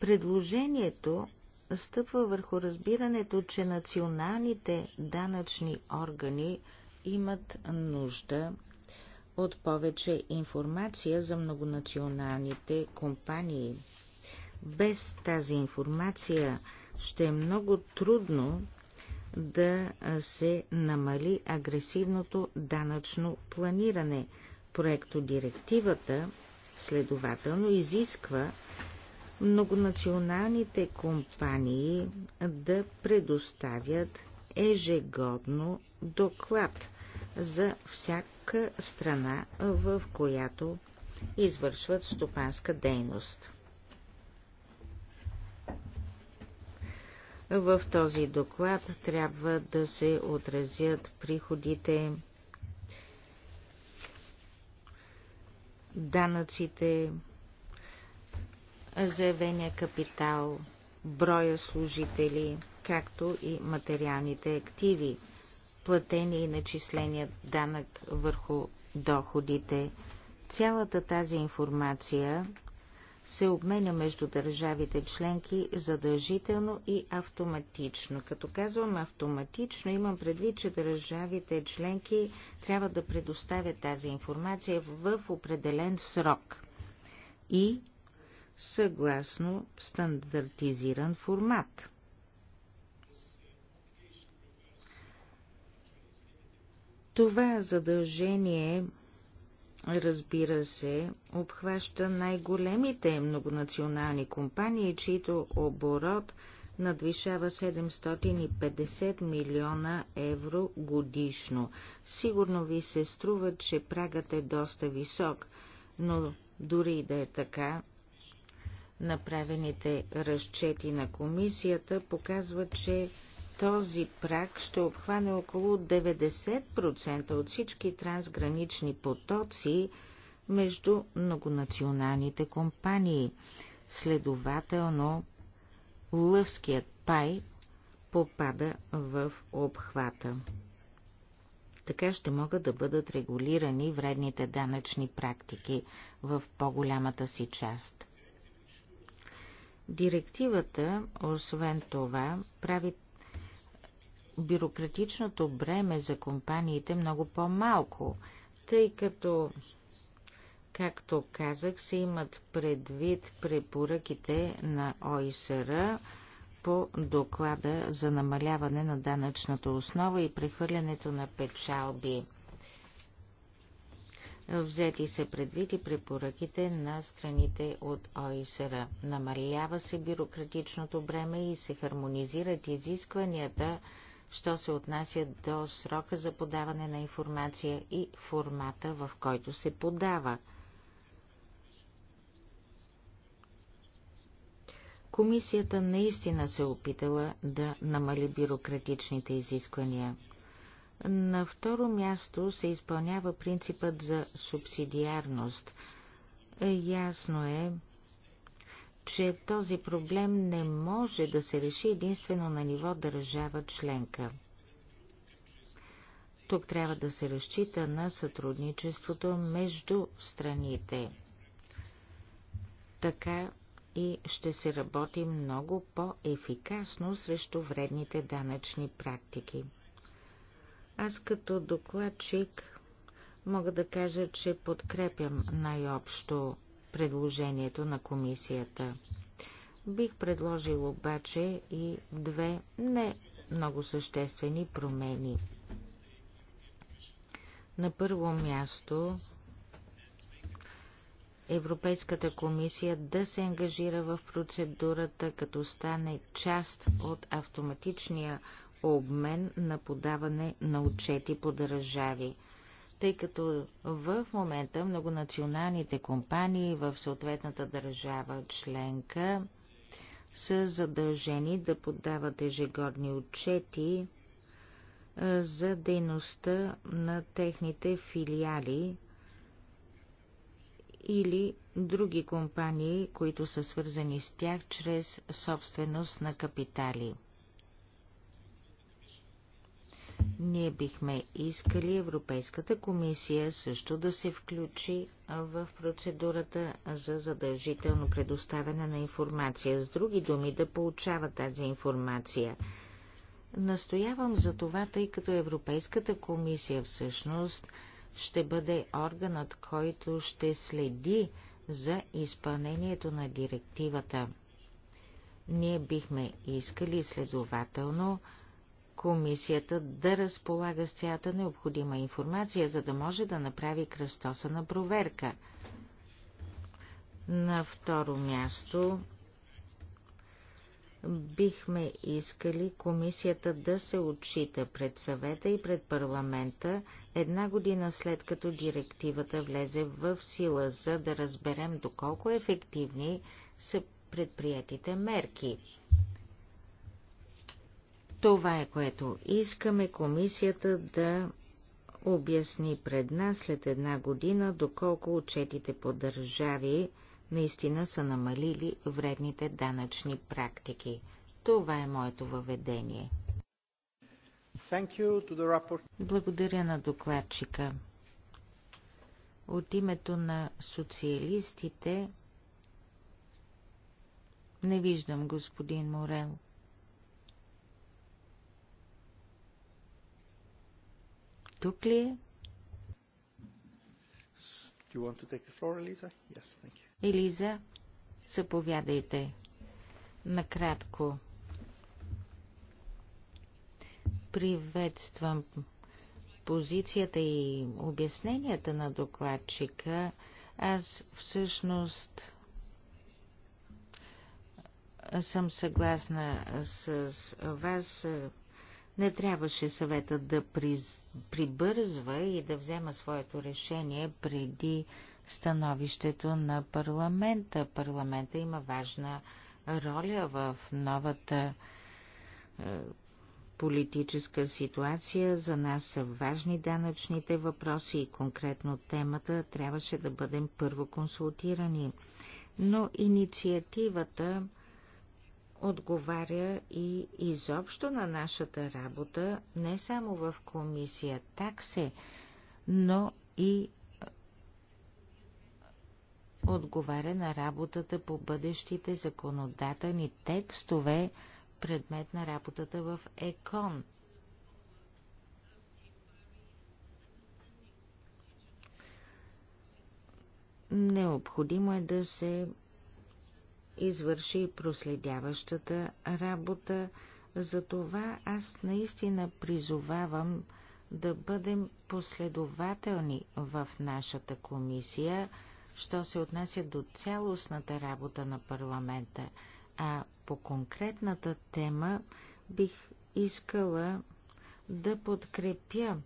Предложението стъпва върху разбирането, че националните данъчни органи имат нужда от повече информация за многонационалните компании. Без тази информация ще е много трудно да се намали агресивното данъчно планиране. Проектодирективата следователно изисква многонационалните компании да предоставят ежегодно доклад за всяка страна, в която извършват стопанска дейност. В този доклад трябва да се отразят приходите, данъците, заявения капитал, броя служители, както и материалните активи, платени и начисления данък върху доходите. Цялата тази информация се обменя между държавите членки задължително и автоматично. Като казвам автоматично, имам предвид, че държавите членки трябва да предоставят тази информация в определен срок и съгласно стандартизиран формат. Това задължение, разбира се, обхваща най-големите многонационални компании, чието оборот надвишава 750 милиона евро годишно. Сигурно ви се струва, че прагът е доста висок, но дори и да е така, Направените разчети на комисията показват, че този прак ще обхване около 90% от всички трансгранични потоци между многонационалните компании. Следователно, лъвският пай попада в обхвата. Така ще могат да бъдат регулирани вредните данъчни практики в по-голямата си част. Директивата, освен това, прави бюрократичното бреме за компаниите много по-малко, тъй като, както казах, се имат предвид препоръките на ОИСР по доклада за намаляване на данъчната основа и прехвърлянето на печалби – Взети се предвид и препоръките на страните от ОИСР. Намалява се бюрократичното бреме и се хармонизират изискванията, що се отнася до срока за подаване на информация и формата, в който се подава. Комисията наистина се е опитала да намали бюрократичните изисквания – на второ място се изпълнява принципът за субсидиарност. Ясно е, че този проблем не може да се реши единствено на ниво държава членка. Тук трябва да се разчита на сътрудничеството между страните. Така и ще се работи много по-ефикасно срещу вредните данъчни практики. Аз като докладчик мога да кажа, че подкрепям най-общо предложението на комисията. Бих предложил обаче и две не много съществени промени. На първо място Европейската комисия да се ангажира в процедурата, като стане част от автоматичния обмен на подаване на отчети по държави. Тъй като в момента многонационалните компании в съответната държава членка са задължени да подават ежегодни отчети за дейността на техните филиали или други компании, които са свързани с тях чрез собственост на капитали. Ние бихме искали Европейската комисия също да се включи в процедурата за задължително предоставяне на информация. С други думи, да получава тази информация. Настоявам за това, тъй като Европейската комисия всъщност ще бъде органът, който ще следи за изпълнението на директивата. Ние бихме искали следователно комисията да разполага с цялата необходима информация, за да може да направи кръстоса на проверка. На второ място бихме искали комисията да се отчита пред съвета и пред парламента една година след като директивата влезе в сила, за да разберем доколко ефективни са предприятите мерки. Това е което искаме комисията да обясни пред нас след една година, доколко отчетите по държави наистина са намалили вредните данъчни практики. Това е моето въведение. Благодаря на докладчика. От името на социалистите не виждам господин Морел. Тук ли е? yes, Елиза, заповядайте. Накратко. Приветствам позицията и обясненията на докладчика. Аз всъщност съм съгласна с вас. Не трябваше съветът да приз... прибързва и да взема своето решение преди становището на парламента. Парламента има важна роля в новата е, политическа ситуация. За нас са важни данъчните въпроси и конкретно темата трябваше да бъдем първо консултирани. Но инициативата отговаря и изобщо на нашата работа, не само в комисия таксе, но и отговаря на работата по бъдещите законодателни текстове, предмет на работата в ЕКОН. Необходимо е да се извърши проследяващата работа. Затова аз наистина призовавам да бъдем последователни в нашата комисия, що се отнася до цялостната работа на парламента. А по конкретната тема бих искала да подкрепя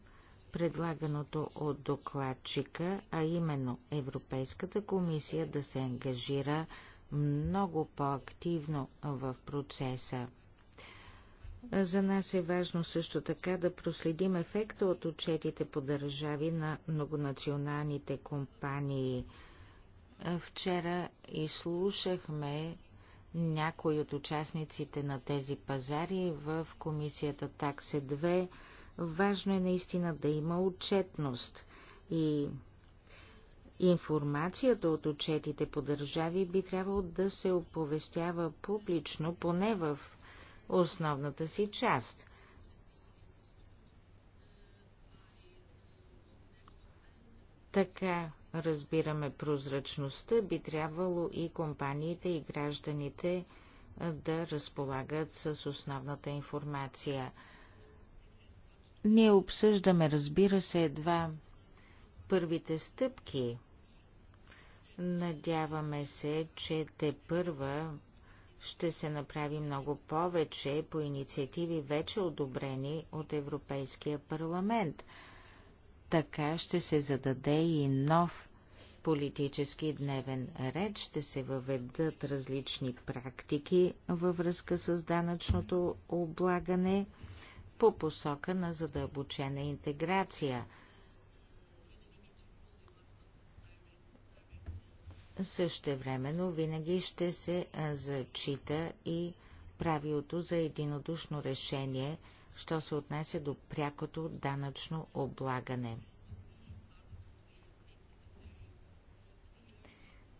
предлаганото от докладчика, а именно Европейската комисия да се ангажира много по-активно в процеса. За нас е важно също така да проследим ефекта от отчетите по държави на многонационалните компании. Вчера изслушахме някои от участниците на тези пазари в комисията Таксе 2. Важно е наистина да има отчетност и Информацията от отчетите по държави би трябвало да се оповестява публично, поне в основната си част. Така разбираме прозрачността, би трябвало и компаниите и гражданите да разполагат с основната информация. Ние обсъждаме, разбира се, едва първите стъпки Надяваме се, че те първа ще се направи много повече по инициативи вече одобрени от Европейския парламент. Така ще се зададе и нов политически дневен ред, ще се въведат различни практики във връзка с данъчното облагане по посока на задълбочена интеграция – времено винаги ще се зачита и правилото за единодушно решение, що се отнася до прякото данъчно облагане.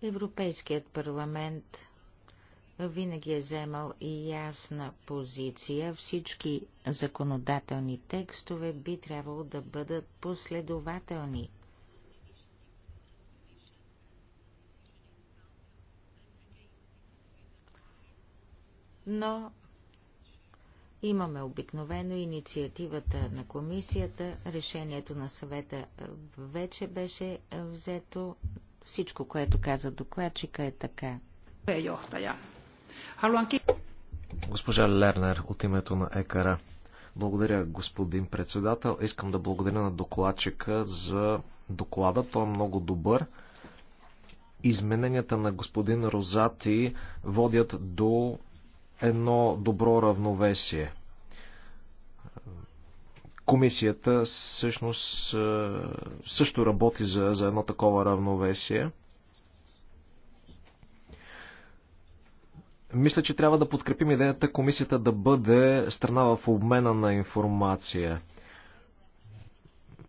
Европейският парламент винаги е вземал и ясна позиция. Всички законодателни текстове би трябвало да бъдат последователни – но имаме обикновено инициативата на комисията, решението на съвета вече беше взето. Всичко, което каза докладчика е така. Госпожа Лернер от името на ЕКАРА. Благодаря, господин председател. Искам да благодаря на докладчика за доклада. Той е много добър. Измененията на господин Розати водят до едно добро равновесие. Комисията всъщност е, също работи за, за едно такова равновесие. Мисля, че трябва да подкрепим идеята комисията да бъде страна в обмена на информация.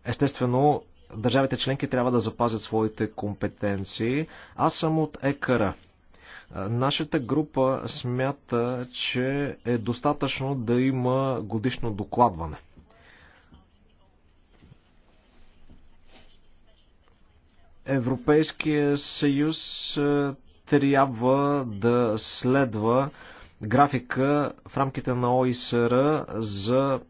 Естествено, държавите членки трябва да запазят своите компетенции. Аз съм от ЕКАРА. Нашата група смята, че е достатъчно да има годишно докладване. Европейския съюз трябва да следва графика в рамките на ОИСР за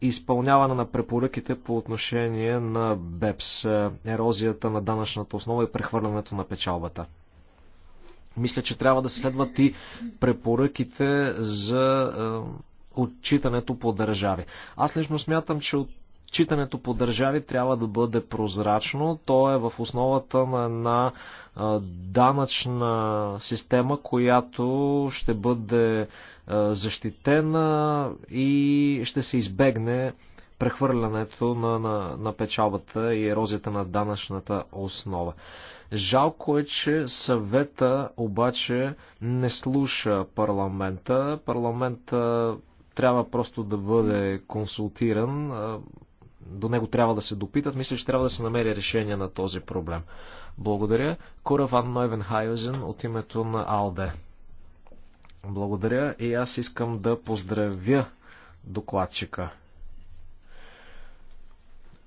изпълняване на препоръките по отношение на БЕПС, ерозията на данъчната основа и прехвърлянето на печалбата. Мисля, че трябва да следват и препоръките за е, отчитането по държави. Аз лично смятам, че от Читането по държави трябва да бъде прозрачно. То е в основата на една е, данъчна система, която ще бъде е, защитена и ще се избегне прехвърлянето на, на, на печалбата и ерозията на данъчната основа. Жалко е, че съвета обаче не слуша парламента. Парламента трябва просто да бъде консултиран. До него трябва да се допитат. Мисля, че трябва да се намери решение на този проблем. Благодаря. Кора Ван Нойвенхайозен от името на АЛДЕ. Благодаря и аз искам да поздравя докладчика.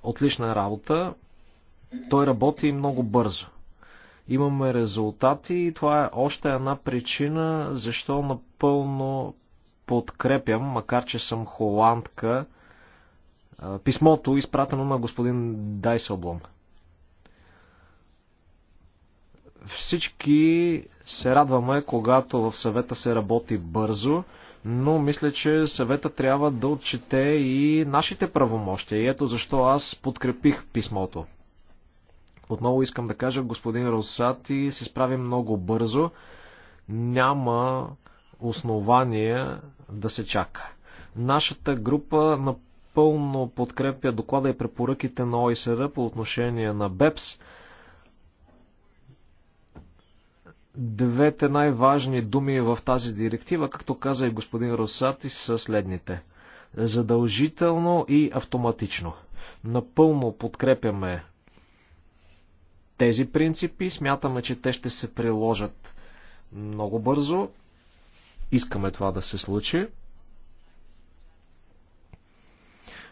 Отлична работа. Той работи много бързо имаме резултати и това е още една причина, защо напълно подкрепям, макар че съм холандка, писмото изпратено на господин Дайселблом. Всички се радваме, когато в съвета се работи бързо, но мисля, че съвета трябва да отчете и нашите правомощия. И ето защо аз подкрепих писмото. Отново искам да кажа, господин Росати се справи много бързо. Няма основание да се чака. Нашата група напълно подкрепя доклада и препоръките на ОИСР по отношение на БЕПС. Двете най-важни думи в тази директива, както каза и господин Росати, са следните. Задължително и автоматично. Напълно подкрепяме тези принципи. Смятаме, че те ще се приложат много бързо. Искаме това да се случи.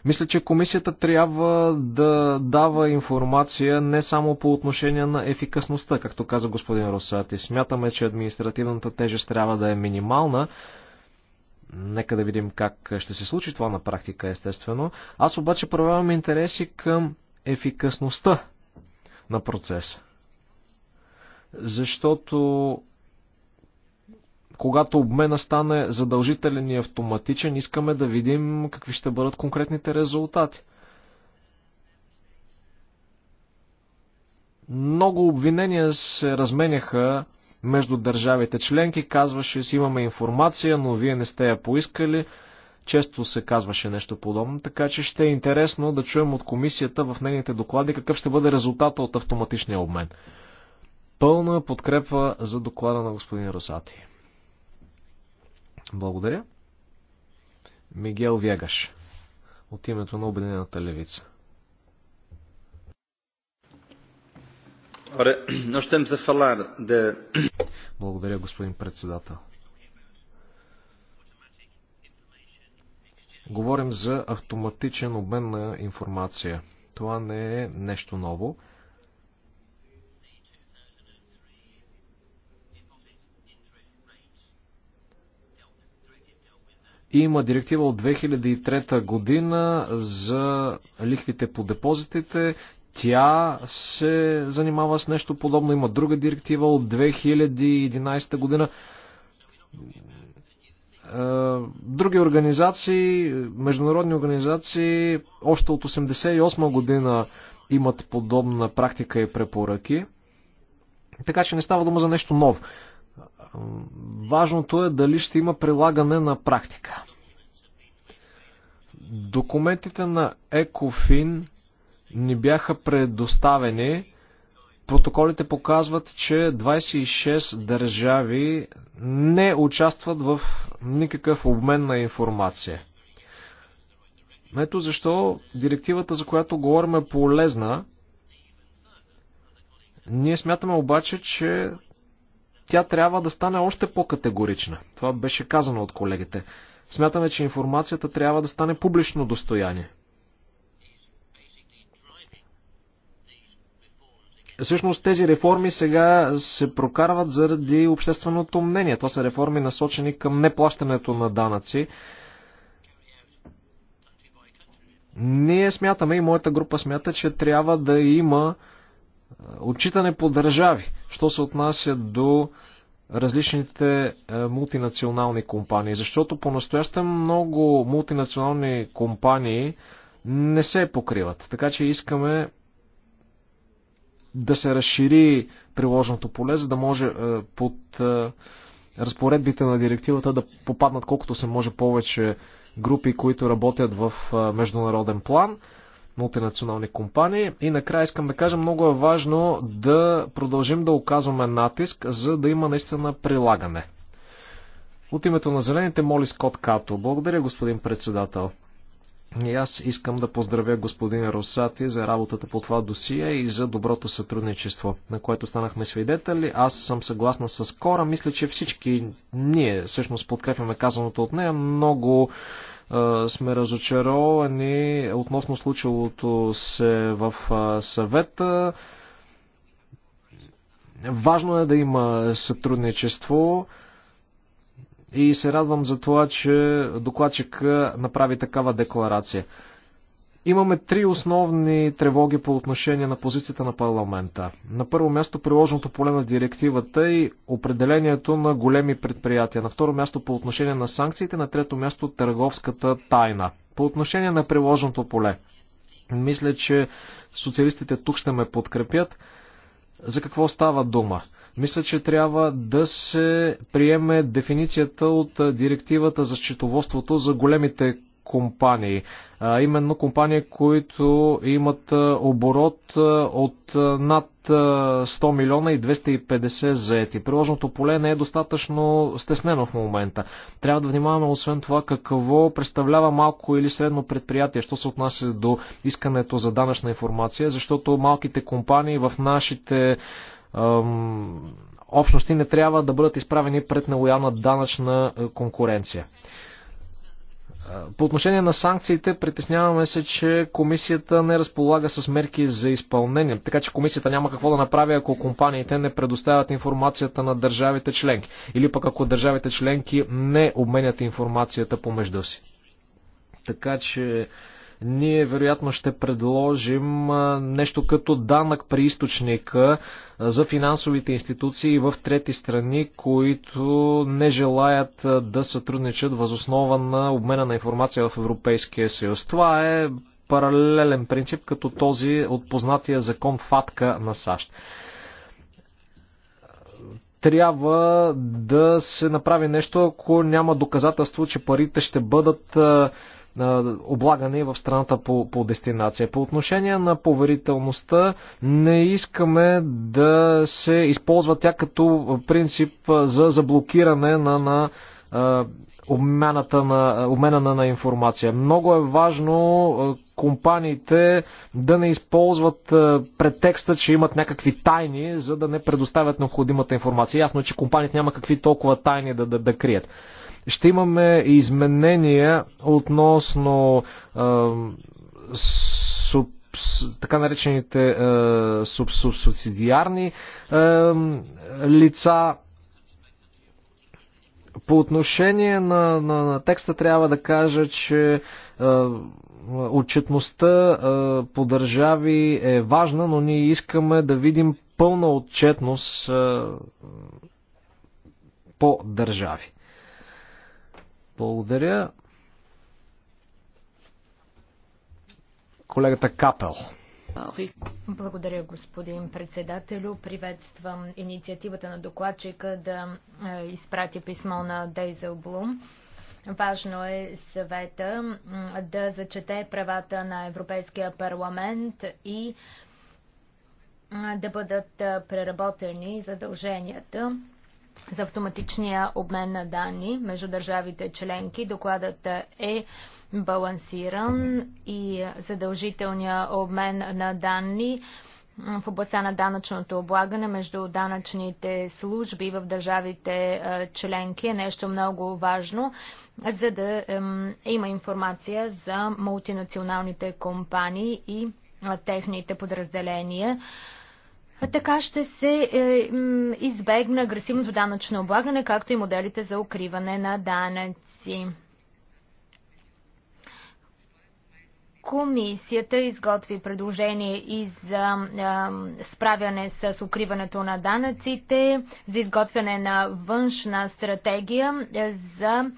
Мисля, че комисията трябва да дава информация не само по отношение на ефикасността, както каза господин Росати. Смятаме, че административната тежест трябва да е минимална. Нека да видим как ще се случи това на практика, естествено. Аз обаче проявявам интереси към ефикасността на процеса. Защото когато обмена стане задължителен и автоматичен, искаме да видим какви ще бъдат конкретните резултати. Много обвинения се разменяха между държавите членки, казваше си имаме информация, но вие не сте я поискали. Често се казваше нещо подобно, така че ще е интересно да чуем от комисията в нейните доклади какъв ще бъде резултата от автоматичния обмен. Пълна подкрепа за доклада на господин Росати. Благодаря. Мигел Вегаш от името на Обединената левица. (clears throat) Благодаря, господин председател. Говорим за автоматичен обмен на информация. Това не е нещо ново. Има директива от 2003 година за лихвите по депозитите. Тя се занимава с нещо подобно. Има друга директива от 2011 година. Е, други организации, международни организации, още от 1988 година имат подобна практика и препоръки. Така че не става дума за нещо ново. Важното е дали ще има прилагане на практика. Документите на Екофин ни бяха предоставени Протоколите показват, че 26 държави не участват в никакъв обмен на информация. Ето защо директивата, за която говорим е полезна. Ние смятаме обаче, че тя трябва да стане още по-категорична. Това беше казано от колегите. Смятаме, че информацията трябва да стане публично достояние. Всъщност тези реформи сега се прокарват заради общественото мнение. Това са реформи насочени към неплащането на данъци. Ние смятаме и моята група смята, че трябва да има отчитане по държави, що се отнася до различните мултинационални компании. Защото по-настоящем много мултинационални компании не се покриват. Така че искаме да се разшири приложното поле, за да може е, под е, разпоредбите на директивата да попаднат колкото се може повече групи, които работят в е, международен план, мултинационални компании. И накрая искам да кажа, много е важно да продължим да оказваме натиск, за да има наистина прилагане. От името на зелените моли Скот Като. Благодаря, господин председател. И аз искам да поздравя господин Росати за работата по това досие и за доброто сътрудничество, на което станахме свидетели. Аз съм съгласна с Кора. Мисля, че всички ние всъщност подкрепяме казаното от нея. Много е, сме разочаровани относно случилото се в е, съвета. Важно е да има сътрудничество. Е, и се радвам за това, че докладчик направи такава декларация. Имаме три основни тревоги по отношение на позицията на парламента. На първо място приложеното поле на директивата и определението на големи предприятия. На второ място по отношение на санкциите. На трето място търговската тайна. По отношение на приложеното поле. Мисля, че социалистите тук ще ме подкрепят. За какво става дума? Мисля, че трябва да се приеме дефиницията от директивата за счетоводството за големите компании. А именно компании, които имат оборот от над 100 милиона и 250 заети. Приложното поле не е достатъчно стеснено в момента. Трябва да внимаваме освен това какво представлява малко или средно предприятие, що се отнася до искането за данъчна информация, защото малките компании в нашите общности не трябва да бъдат изправени пред нелоялна данъчна конкуренция. По отношение на санкциите, притесняваме се, че комисията не разполага с мерки за изпълнение, така че комисията няма какво да направи, ако компаниите не предоставят информацията на държавите членки или пък ако държавите членки не обменят информацията помежду си. Така че ние вероятно ще предложим нещо като данък при източника за финансовите институции в трети страни, които не желаят да сътрудничат възоснова на обмена на информация в Европейския съюз. Това е паралелен принцип като този от познатия закон ФАТКА на САЩ трябва да се направи нещо, ако няма доказателство, че парите ще бъдат облагане в страната по, по дестинация. По отношение на поверителността, не искаме да се използва тя като принцип за заблокиране на, на обмяната на, обмена на информация. Много е важно компаниите да не използват претекста, че имат някакви тайни, за да не предоставят необходимата информация. Ясно е, че компаниите няма какви толкова тайни да, да, да крият. Ще имаме изменения относно суб, така наречените субсубсидиарни субсидиарни лица. По отношение на, на, на текста трябва да кажа, че отчетността по държави е важна, но ние искаме да видим пълна отчетност по държави. Благодаря. Колегата Капел. Благодаря, господин председателю. Приветствам инициативата на докладчика да е, изпрати писмо на Дейзел Блум. Важно е съвета да зачете правата на Европейския парламент и да бъдат е, преработени задълженията за автоматичния обмен на данни между държавите членки. Докладът е балансиран и задължителния обмен на данни в областта на данъчното облагане между данъчните служби в държавите членки е нещо много важно, за да има информация за мултинационалните компании и техните подразделения. Така ще се е, избегне агресивното данъчно облагане, както и моделите за укриване на данъци. Комисията изготви предложение и за справяне с укриването на данъците, за изготвяне на външна стратегия за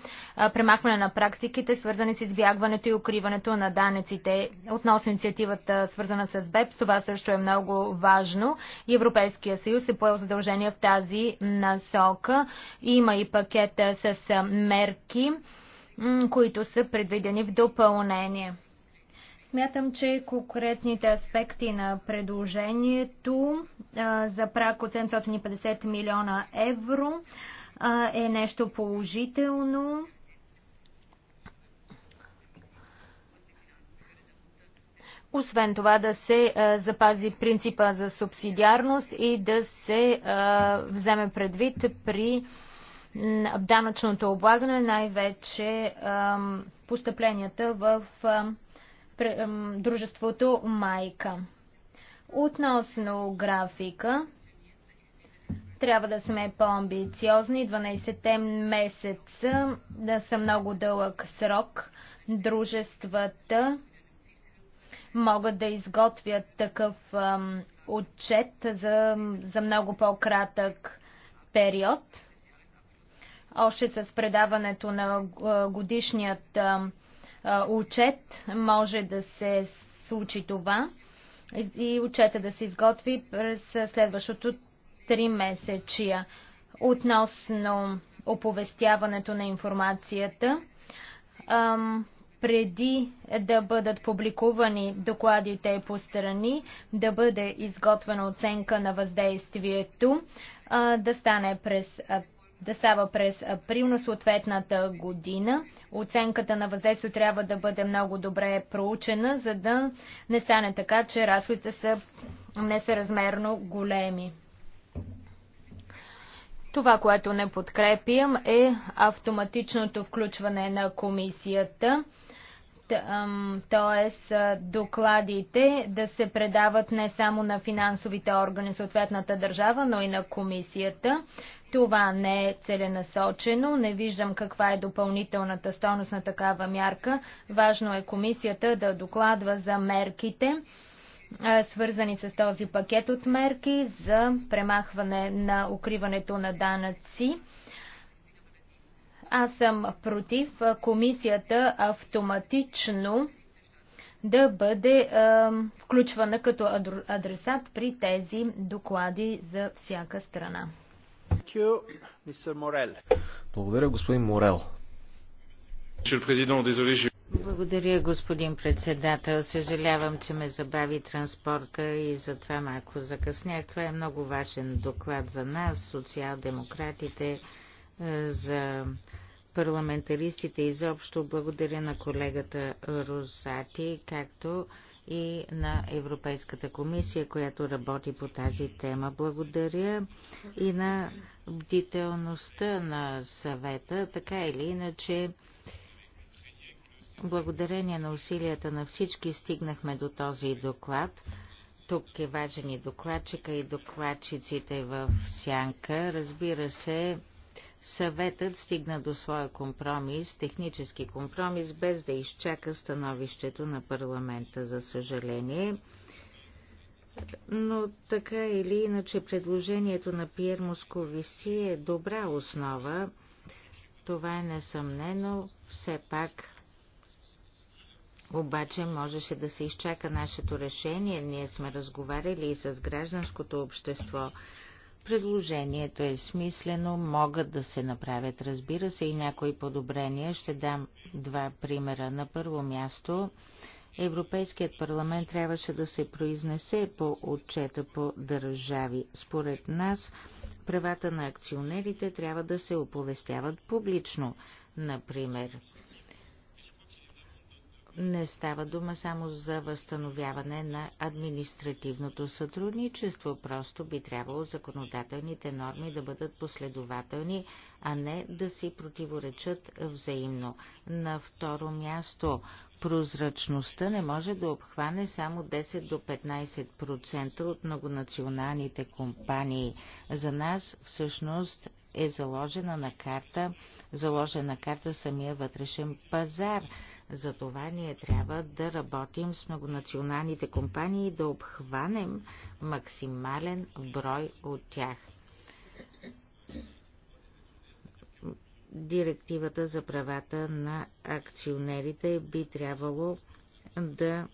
премахване на практиките, свързани с избягването и укриването на данъците. Относно инициативата, свързана с БЕПС, това също е много важно. Европейския съюз е поел задължение в тази насока. Има и пакета с мерки, които са предвидени в допълнение. Смятам, че конкретните аспекти на предложението за прак от 750 милиона евро е нещо положително. Освен това да се запази принципа за субсидиарност и да се вземе предвид при данъчното облагане, най-вече постъпленията в дружеството майка. Относно графика, трябва да сме по-амбициозни. 12-те месеца да са много дълъг срок. Дружествата могат да изготвят такъв отчет за, за много по-кратък период. Още с предаването на годишният ам, Учет може да се случи това и учета да се изготви през следващото три месечия. Относно оповестяването на информацията, преди да бъдат публикувани докладите по страни, да бъде изготвена оценка на въздействието, да стане през да става през април на съответната година. Оценката на въздействие трябва да бъде много добре проучена, за да не стане така, че разходите са несъразмерно големи. Това, което не подкрепим е автоматичното включване на комисията т.е. докладите да се предават не само на финансовите органи, съответната държава, но и на комисията. Това не е целенасочено. Не виждам каква е допълнителната стойност на такава мярка. Важно е комисията да докладва за мерките, свързани с този пакет от мерки за премахване на укриването на данъци. Аз съм против комисията автоматично да бъде е, включвана като адресат при тези доклади за всяка страна. Благодаря, господин Морел. Благодаря, господин председател. Съжалявам, че ме забави транспорта и затова малко закъснях. Това е много важен доклад за нас, социал-демократите за парламентаристите изобщо. Благодаря на колегата Русати, както и на Европейската комисия, която работи по тази тема. Благодаря и на бдителността на съвета, така или иначе. Благодарение на усилията на всички стигнахме до този доклад. Тук е важен и докладчика и докладчиците в сянка. Разбира се, Съветът стигна до своя компромис, технически компромис, без да изчака становището на парламента, за съжаление. Но така или иначе предложението на Пьер Московиси е добра основа. Това е несъмнено. Все пак обаче можеше да се изчака нашето решение. Ние сме разговаряли и с гражданското общество. Предложението е смислено, могат да се направят, разбира се, и някои подобрения. Ще дам два примера. На първо място, Европейският парламент трябваше да се произнесе по отчета по държави. Според нас, правата на акционерите трябва да се оповестяват публично, например не става дума само за възстановяване на административното сътрудничество, просто би трябвало законодателните норми да бъдат последователни, а не да си противоречат взаимно. На второ място, прозрачността не може да обхване само 10 до 15% от многонационалните компании. За нас всъщност е заложена на карта, заложена карта самия вътрешен пазар – затова ние трябва да работим с многонационалните компании и да обхванем максимален брой от тях. Директивата за правата на акционерите би трябвало да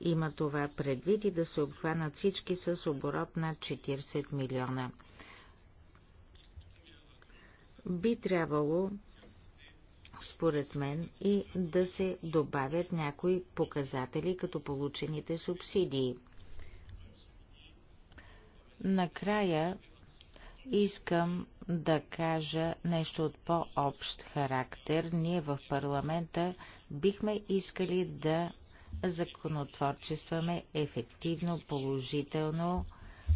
има това предвид и да се обхванат всички с оборот на 40 милиона. Би трябвало според мен, и да се добавят някои показатели, като получените субсидии. Накрая искам да кажа нещо от по-общ характер. Ние в парламента бихме искали да законотворчестваме ефективно, положително,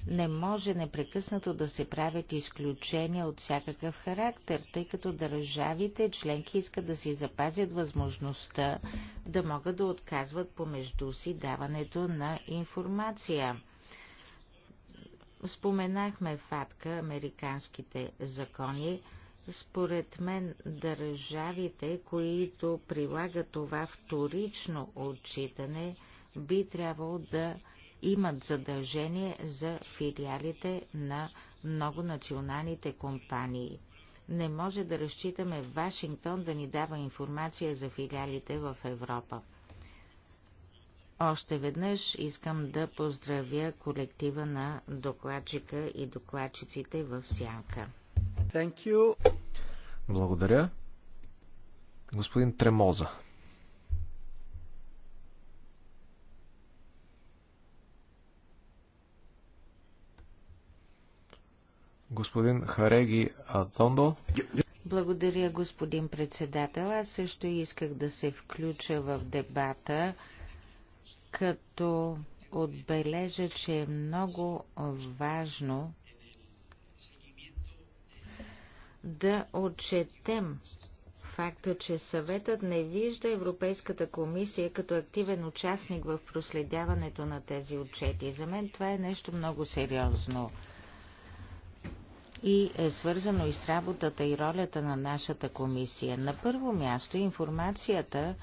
не може непрекъснато да се правят изключения от всякакъв характер, тъй като държавите членки искат да си запазят възможността да могат да отказват помежду си даването на информация. Споменахме фатка американските закони. Според мен държавите, които прилагат това вторично отчитане, би трябвало да имат задължение за филиалите на многонационалните компании. Не може да разчитаме Вашингтон да ни дава информация за филиалите в Европа. Още веднъж искам да поздравя колектива на докладчика и докладчиците в Сянка. Thank you. Благодаря. Господин Тремоза. господин Хареги Атондо. Благодаря, господин председател. Аз също исках да се включа в дебата, като отбележа, че е много важно да отчетем факта, че съветът не вижда Европейската комисия като активен участник в проследяването на тези отчети. За мен това е нещо много сериозно и е свързано и с работата и ролята на нашата комисия. На първо място информацията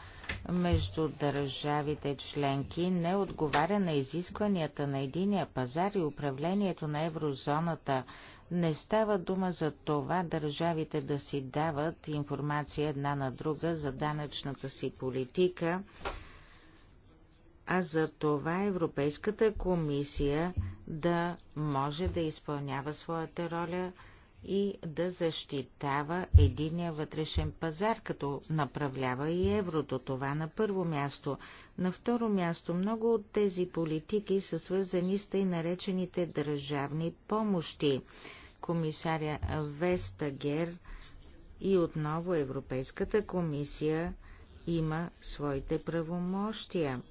между държавите членки не отговаря на изискванията на единия пазар и управлението на еврозоната. Не става дума за това държавите да си дават информация една на друга за данъчната си политика а за това Европейската комисия да може да изпълнява своята роля и да защитава единия вътрешен пазар, като направлява и еврото. Това на първо място. На второ място много от тези политики са свързани с тъй наречените държавни помощи. Комисаря Вестагер и отново Европейската комисия има своите правомощия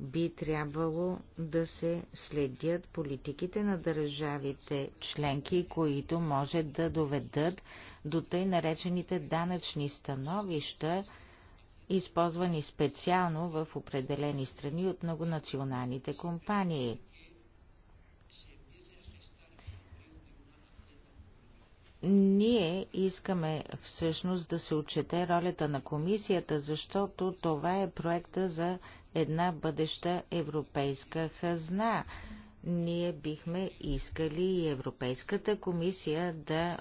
би трябвало да се следят политиките на държавите членки, които може да доведат до тъй наречените данъчни становища, използвани специално в определени страни от многонационалните компании. Ние искаме всъщност да се отчете ролята на комисията, защото това е проекта за една бъдеща европейска хазна. Ние бихме искали и Европейската комисия да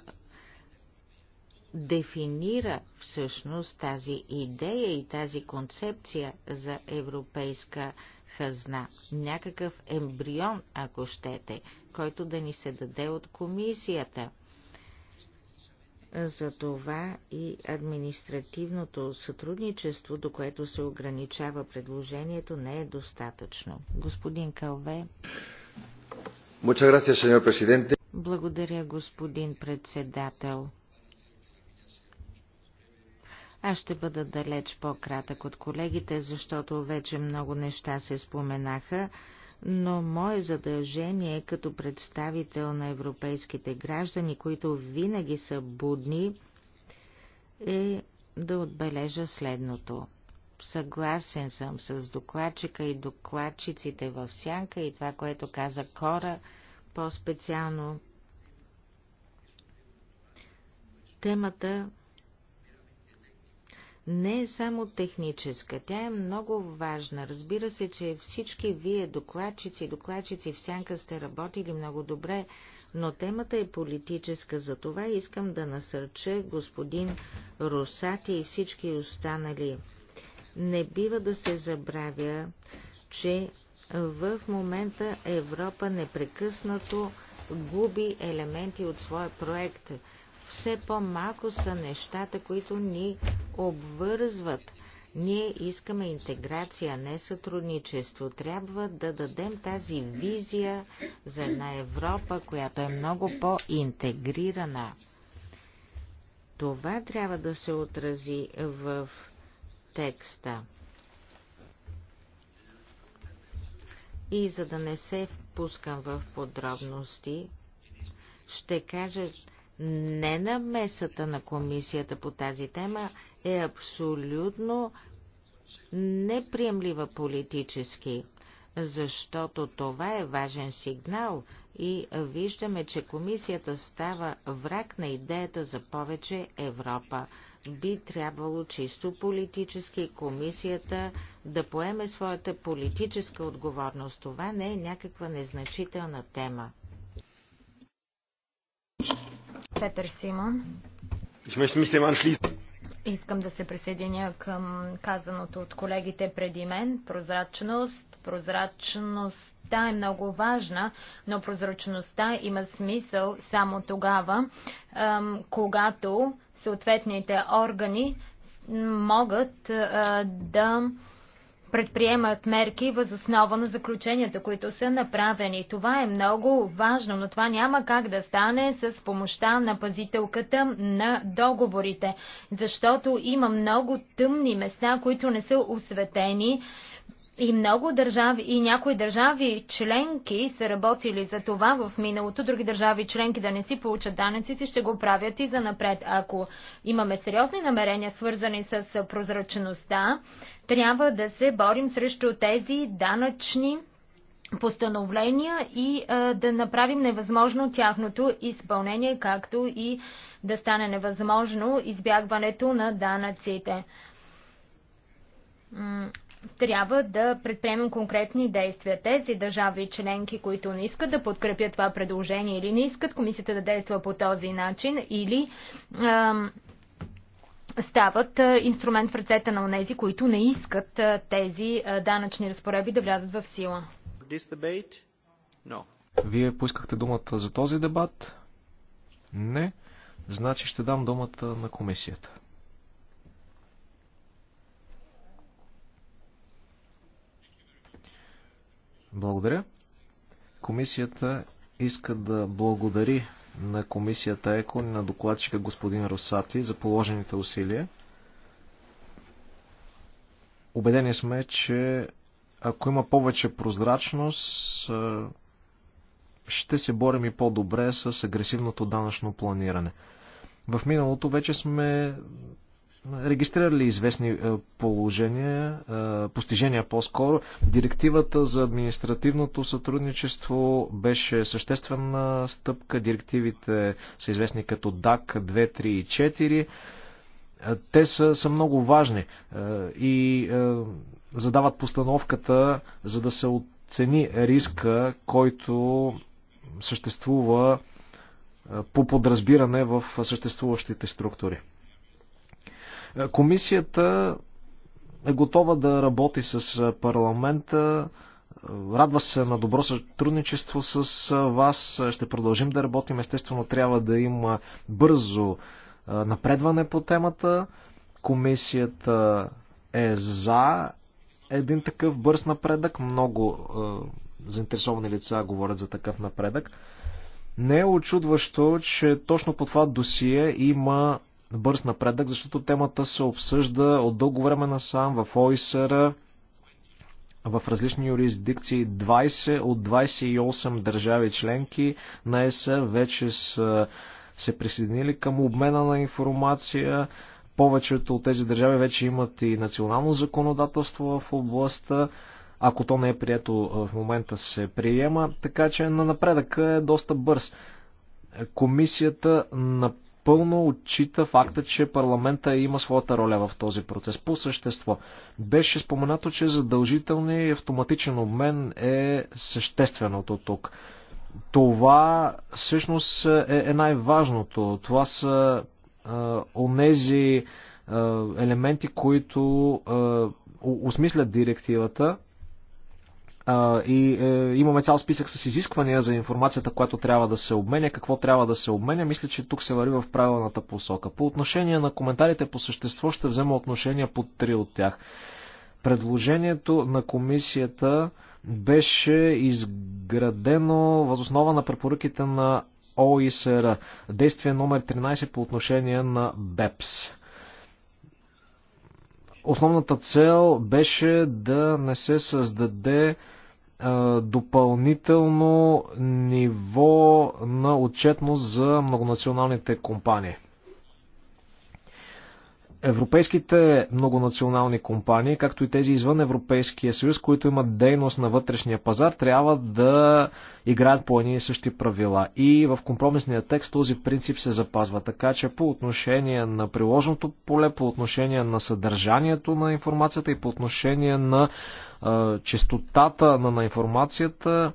дефинира всъщност тази идея и тази концепция за европейска хазна. Някакъв ембрион, ако щете, който да ни се даде от комисията. За това и административното сътрудничество, до което се ограничава предложението, не е достатъчно. Господин Калве. Благодаря, господин председател. Аз ще бъда далеч по-кратък от колегите, защото вече много неща се споменаха но мое задължение е като представител на европейските граждани, които винаги са будни, е да отбележа следното. Съгласен съм с докладчика и докладчиците в сянка и това, което каза Кора, по-специално темата не е само техническа, тя е много важна. Разбира се, че всички вие, докладчици докладчици в сянка сте работили много добре, но темата е политическа. За това искам да насърча господин Русати и всички останали. Не бива да се забравя, че в момента Европа непрекъснато губи елементи от своя проект все по-малко са нещата, които ни обвързват. Ние искаме интеграция, не сътрудничество. Трябва да дадем тази визия за една Европа, която е много по-интегрирана. Това трябва да се отрази в текста. И за да не се впускам в подробности, ще кажа, не на месата на комисията по тази тема е абсолютно неприемлива политически, защото това е важен сигнал и виждаме, че комисията става враг на идеята за повече Европа. Би трябвало чисто политически комисията да поеме своята политическа отговорност. Това не е някаква незначителна тема. Петър Симон. Искам да се присъединя към казаното от колегите преди мен. Прозрачност. Прозрачността е много важна, но прозрачността има смисъл само тогава, когато съответните органи могат да предприемат мерки възоснова на заключенията, които са направени. Това е много важно, но това няма как да стане с помощта на пазителката на договорите, защото има много тъмни места, които не са осветени и много държави, и някои държави членки са работили за това в миналото, други държави членки да не си получат данъците, ще го правят и за напред. Ако имаме сериозни намерения, свързани с прозрачността, трябва да се борим срещу тези данъчни постановления и а, да направим невъзможно тяхното изпълнение, както и да стане невъзможно избягването на данъците трябва да предприемем конкретни действия. Тези държави членки, които не искат да подкрепят това предложение или не искат комисията да действа по този начин, или ам, стават инструмент в ръцете на онези, които не искат тези данъчни разпореби да влязат в сила. No. Вие поискахте думата за този дебат? Не. Значи ще дам думата на комисията. Благодаря. Комисията иска да благодари на комисията ЕКО и на докладчика господин Росати за положените усилия. Обедени сме, че ако има повече прозрачност, ще се борим и по-добре с агресивното данъчно планиране. В миналото вече сме регистрирали известни е, положения, е, постижения по-скоро. Директивата за административното сътрудничество беше съществена стъпка. Директивите са известни като DAC 2, 3 и 4 е, те са, са много важни и задават постановката, за да се оцени риска, който съществува по подразбиране в съществуващите структури. Е, комисията е готова да работи с е, парламента. Е, радва се на добро сътрудничество с вас. Ще продължим да работим. Естествено, трябва да има бързо напредване по темата. Комисията е за един такъв бърз напредък. Много е, заинтересовани лица говорят за такъв напредък. Не е очудващо, че точно по това досие има бърз напредък, защото темата се обсъжда от дълго време насам в ОИСР, в различни юрисдикции. 20 от 28 държави членки на ЕС вече са се присъединили към обмена на информация. Повечето от тези държави вече имат и национално законодателство в областта. Ако то не е прието в момента се приема, така че на напредъка е доста бърз. Комисията на напълно отчита факта, че парламента има своята роля в този процес. По същество, беше споменато, че задължителният и автоматичен обмен е същественото тук. Това всъщност е, е най-важното. Това са онези елементи, които осмислят директивата и е, имаме цял списък с изисквания за информацията, която трябва да се обменя, какво трябва да се обменя. Мисля, че тук се върви в правилната посока. По отношение на коментарите по същество ще взема отношение по три от тях. Предложението на комисията беше изградено възоснова на препоръките на ОИСР. Действие номер 13 по отношение на БЕПС. Основната цел беше да не се създаде допълнително ниво на отчетност за многонационалните компании. Европейските многонационални компании, както и тези извън Европейския съюз, които имат дейност на вътрешния пазар, трябва да играят по едни и същи правила. И в компромисния текст този принцип се запазва. Така че по отношение на приложното поле, по отношение на съдържанието на информацията и по отношение на честотата на, на информацията,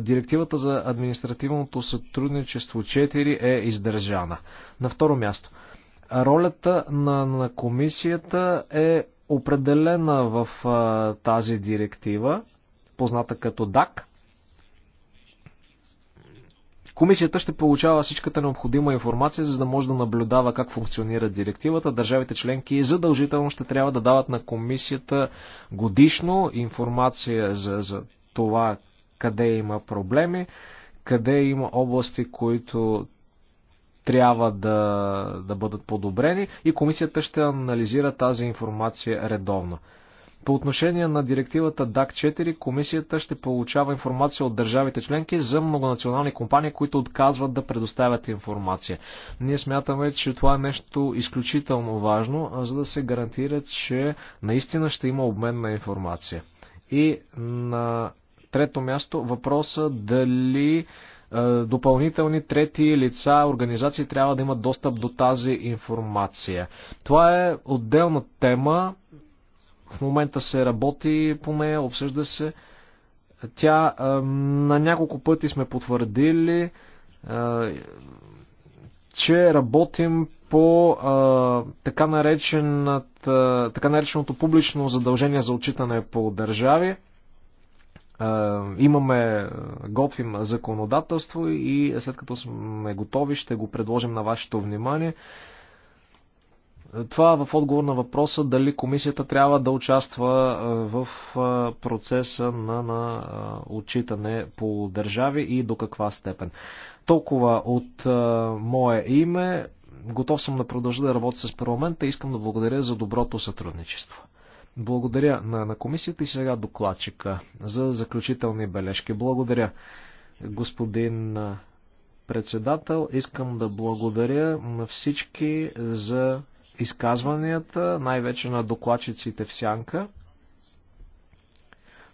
директивата за административното сътрудничество 4 е издържана. На второ място, ролята на, на комисията е определена в а, тази директива, позната като ДАК. Комисията ще получава всичката необходима информация, за да може да наблюдава как функционира директивата. Държавите членки задължително ще трябва да дават на комисията годишно информация за, за това къде има проблеми, къде има области, които трябва да, да бъдат подобрени и комисията ще анализира тази информация редовно. По отношение на директивата DAC-4, комисията ще получава информация от държавите членки за многонационални компании, които отказват да предоставят информация. Ние смятаме, че това е нещо изключително важно, за да се гарантира, че наистина ще има обмен на информация. И на трето място въпроса дали допълнителни трети лица, организации трябва да имат достъп до тази информация. Това е отделна тема, в момента се работи по нея, обсъжда се. Тя на няколко пъти сме потвърдили, че работим по а, така, така нареченото публично задължение за отчитане по държави. А, имаме, готвим законодателство и след като сме готови, ще го предложим на вашето внимание. Това е в отговор на въпроса дали комисията трябва да участва в процеса на, на отчитане по държави и до каква степен. Толкова от мое име. Готов съм да продължа да работя с парламента и искам да благодаря за доброто сътрудничество. Благодаря на, на комисията и сега докладчика за заключителни бележки. Благодаря, господин председател. Искам да благодаря на всички за изказванията, най-вече на докладчиците в Сянка.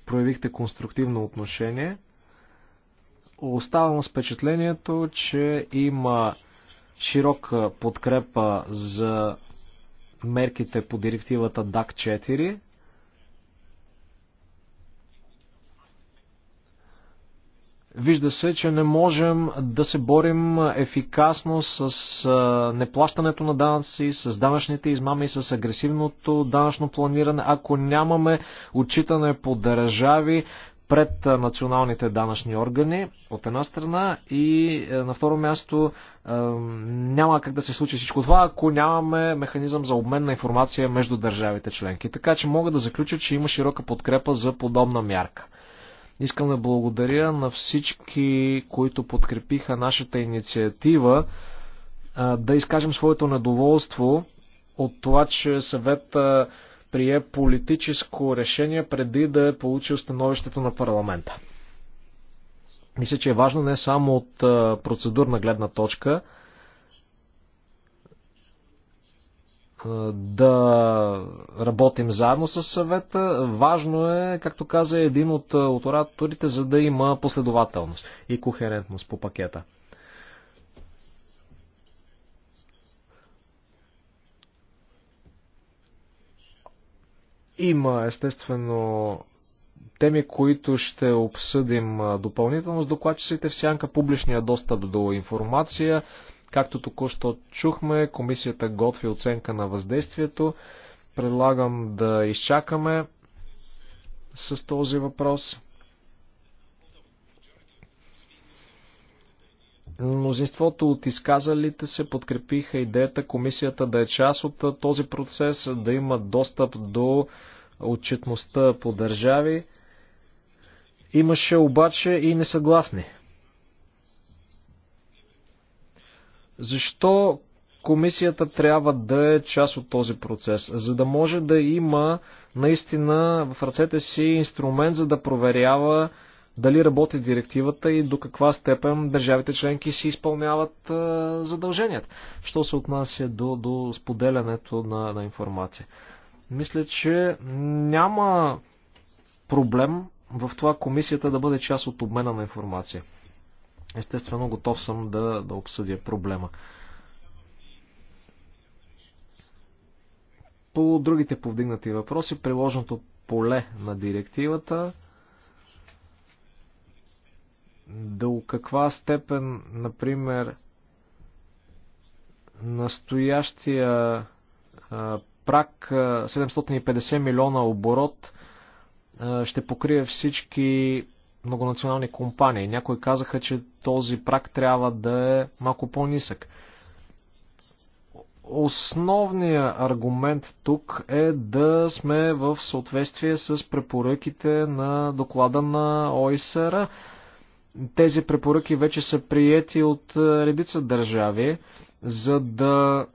Проявихте конструктивно отношение. Оставам с впечатлението, че има широка подкрепа за мерките по директивата DAC 4. Вижда се, че не можем да се борим ефикасно с неплащането на данъци, с данъчните измами, с агресивното данъчно планиране, ако нямаме отчитане по държави пред националните данъчни органи, от една страна, и е, на второ място е, няма как да се случи всичко това, ако нямаме механизъм за обмен на информация между държавите членки. Така че мога да заключа, че има широка подкрепа за подобна мярка. Искам да благодаря на всички, които подкрепиха нашата инициатива да изкажем своето недоволство от това, че съвета прие политическо решение преди да е получил становището на парламента. Мисля, че е важно не само от процедурна гледна точка, да работим заедно с съвета. Важно е, както каза един от, ораторите, за да има последователност и кохерентност по пакета. Има, естествено, теми, които ще обсъдим допълнително с докладчиците в сянка, публичния достъп до информация, Както току-що чухме, комисията готви оценка на въздействието. Предлагам да изчакаме с този въпрос. Мнозинството от изказалите се подкрепиха идеята комисията да е част от този процес, да има достъп до отчетността по държави. Имаше обаче и несъгласни. Защо комисията трябва да е част от този процес, за да може да има наистина в ръцете си инструмент, за да проверява дали работи директивата и до каква степен държавите членки си изпълняват а, задълженията, що се отнася до, до споделянето на, на информация. Мисля, че няма проблем в това комисията да бъде част от обмена на информация. Естествено, готов съм да, да обсъдя проблема. По другите повдигнати въпроси, приложното поле на директивата, до каква степен, например, настоящия а, прак 750 милиона оборот а, ще покрие всички многонационални компании. Някои казаха, че този прак трябва да е малко по-нисък. Основният аргумент тук е да сме в съответствие с препоръките на доклада на ОИСР. Тези препоръки вече са приети от е, редица държави, за да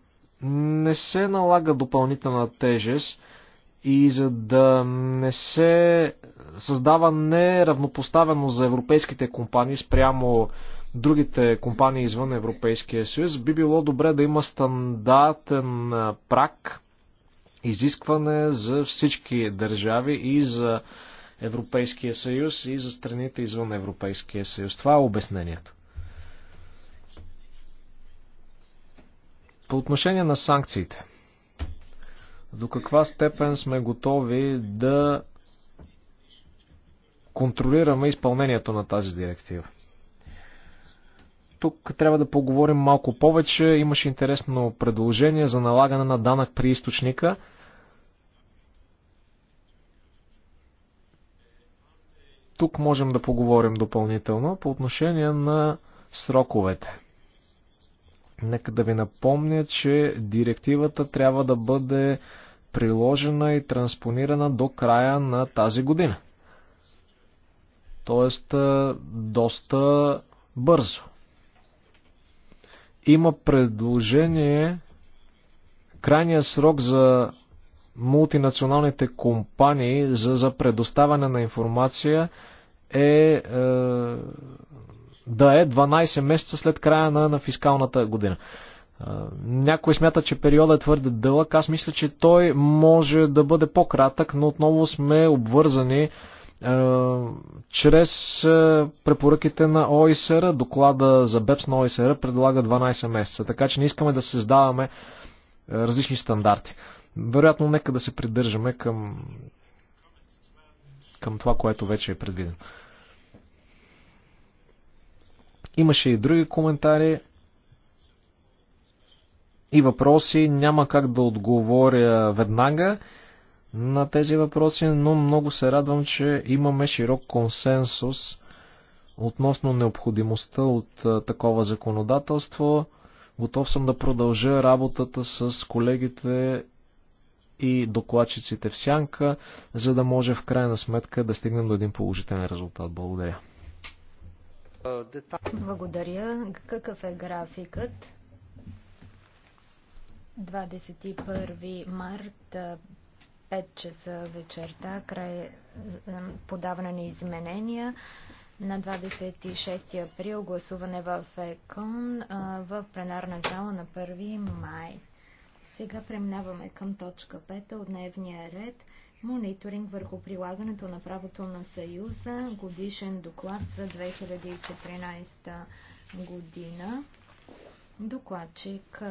не се налага допълнителна тежест и за да не се създава неравнопоставено за европейските компании спрямо другите компании извън Европейския съюз, би било добре да има стандартен прак, изискване за всички държави и за Европейския съюз и за страните извън Европейския съюз. Това е обяснението. По отношение на санкциите. До каква степен сме готови да контролираме изпълнението на тази директива. Тук трябва да поговорим малко повече. Имаше интересно предложение за налагане на данък при източника. Тук можем да поговорим допълнително по отношение на сроковете. Нека да ви напомня, че директивата трябва да бъде приложена и транспонирана до края на тази година. Тоест, доста бързо. Има предложение крайния срок за мултинационалните компании за, за предоставяне на информация е, е да е 12 месеца след края на, на фискалната година. Е, някой смята, че периодът е твърде дълъг. Аз мисля, че той може да бъде по-кратък, но отново сме обвързани е, чрез е, препоръките на ОИСР, доклада за БЕПС на ОИСР предлага 12 месеца, така че не искаме да създаваме е, различни стандарти. Вероятно, нека да се придържаме към, към това, което вече е предвидено. Имаше и други коментари и въпроси. Няма как да отговоря веднага на тези въпроси, но много се радвам, че имаме широк консенсус относно необходимостта от такова законодателство. Готов съм да продължа работата с колегите и докладчиците в сянка, за да може в крайна сметка да стигнем до един положителен резултат. Благодаря. Благодаря. Какъв е графикът? 21 март 5 часа вечерта, край подаване на изменения. На 26 април гласуване в ЕКОН в пленарна зала на 1 май. Сега преминаваме към точка 5 от дневния ред. Мониторинг върху прилагането на правото на Съюза. Годишен доклад за 2014 година. Докладчик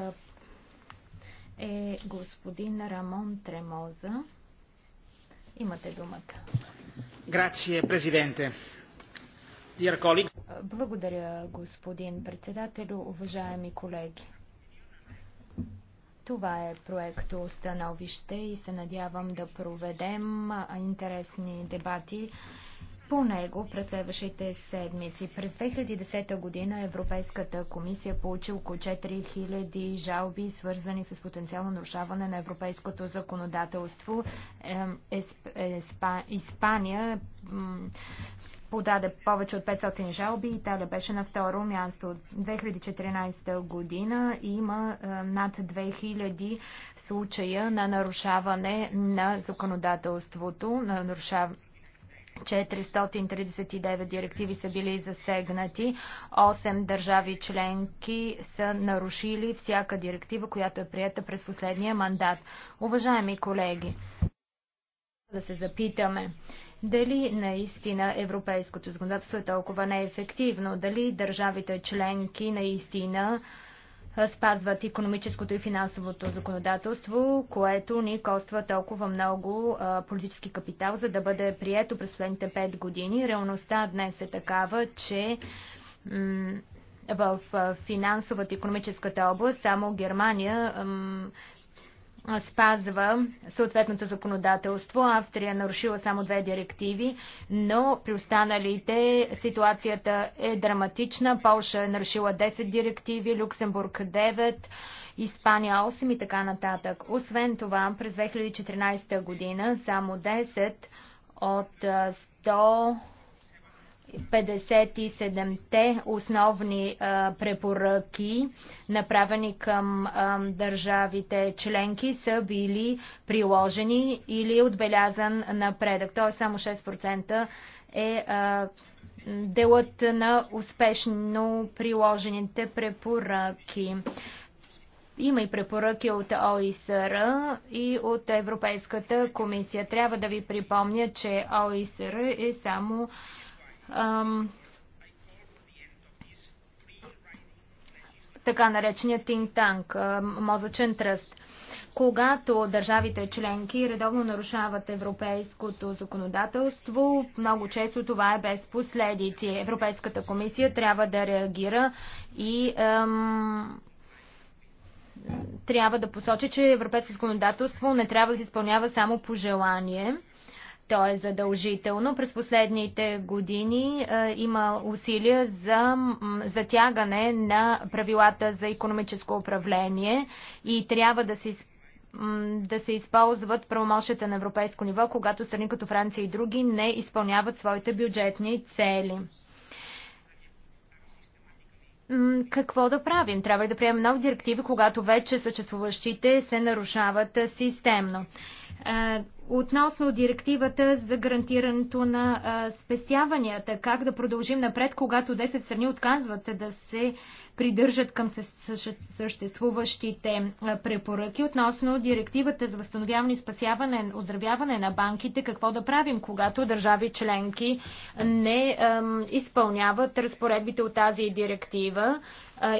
е господин Рамон Тремоза. Имате думата. Грация, президенте. Благодаря, господин председател, уважаеми колеги. Това е проекто становище и се надявам да проведем интересни дебати по него през следващите седмици. През 2010 година Европейската комисия получи около 4000 жалби, свързани с потенциално нарушаване на европейското законодателство. Испания подаде повече от 500 жалби. Италия беше на второ място. От 2014 година има над 2000 случая на нарушаване на законодателството, на, нарушав... 439 директиви са били засегнати. 8 държави членки са нарушили всяка директива, която е прията през последния мандат. Уважаеми колеги, да се запитаме дали наистина европейското законодателство е толкова неефективно, дали държавите членки наистина спазват економическото и финансовото законодателство, което ни коства толкова много политически капитал, за да бъде прието през последните 5 години. Реалността днес е такава, че в финансовата и економическата област само Германия спазва съответното законодателство. Австрия е нарушила само две директиви, но при останалите ситуацията е драматична. Полша е нарушила 10 директиви, Люксембург 9, Испания 8 и така нататък. Освен това, през 2014 година само 10 от 100 57-те основни препоръки, направени към държавите членки, са били приложени или отбелязан напредък. Тоест само 6% е делът на успешно приложените препоръки. Има и препоръки от ОИСР и от Европейската комисия. Трябва да ви припомня, че ОИСР е само ам, така наречения think tank, мозъчен тръст. Когато държавите членки редовно нарушават европейското законодателство, много често това е без последици. Европейската комисия трябва да реагира и ем, трябва да посочи, че европейското законодателство не трябва да се изпълнява само по желание. То е задължително. През последните години а, е, има усилия за затягане на правилата за економическо управление и трябва да се да се използват правомощите на европейско ниво, когато страни като Франция и други не изпълняват своите бюджетни цели. Какво да правим? Трябва ли да приемем нови директиви, когато вече съществуващите се нарушават системно? Е, Относно директивата за гарантирането на а, спестяванията, как да продължим напред, когато 10 страни отказват да се придържат към съществуващите препоръки относно директивата за възстановяване и спасяване, оздравяване на банките, какво да правим, когато държави членки не изпълняват разпоредбите от тази директива.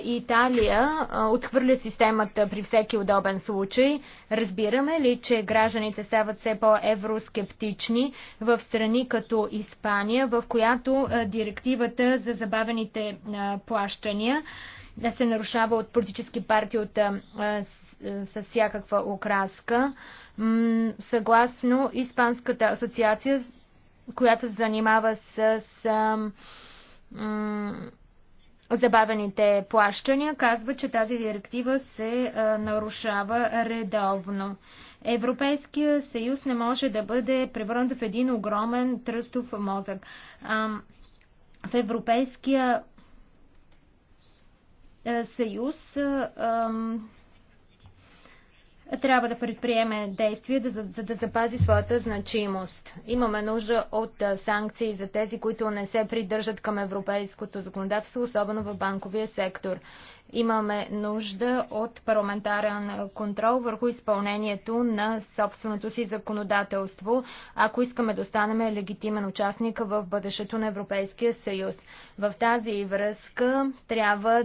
Италия отхвърля системата при всеки удобен случай. Разбираме ли, че гражданите стават все по-евроскептични в страни като Испания, в която директивата за забавените плащания се нарушава от политически партии от с всякаква окраска. Съгласно Испанската асоциация, която се занимава с забавените плащания, казва, че тази директива се нарушава редовно. Европейския съюз не може да бъде превърнат в един огромен тръстов мозък. в Европейския съюз трябва да предприеме действия, да, за, за да запази своята значимост. Имаме нужда от санкции за тези, които не се придържат към европейското законодателство, особено в банковия сектор. Имаме нужда от парламентарен контрол върху изпълнението на собственото си законодателство, ако искаме да останем легитимен участник в бъдещето на Европейския съюз. В тази връзка трябва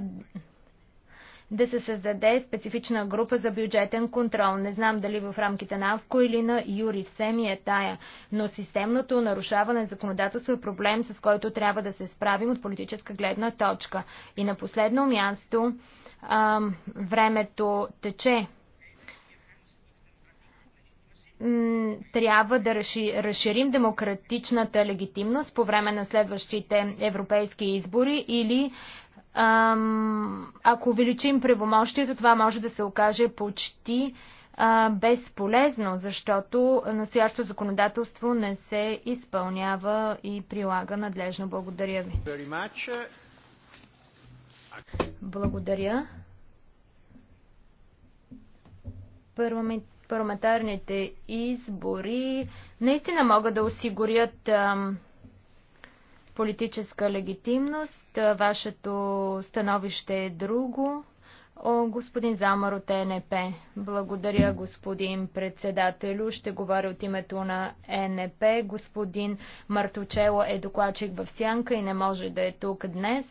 да се създаде специфична група за бюджетен контрол. Не знам дали в рамките на АВКО или на Юри, все ми е тая, но системното нарушаване на законодателство е проблем, с който трябва да се справим от политическа гледна точка. И на последно място, времето тече трябва да разширим демократичната легитимност по време на следващите европейски избори или ако увеличим правомощието, това може да се окаже почти безполезно, защото настоящото законодателство не се изпълнява и прилага надлежно. Благодаря ви. Благодаря. Парламентарните избори наистина могат да осигурят ам, политическа легитимност. Вашето становище е друго. О, господин Замар от ЕНП. Благодаря, господин председателю. Ще говоря от името на ЕНП. Господин Мартучело е докладчик в Сянка и не може да е тук днес.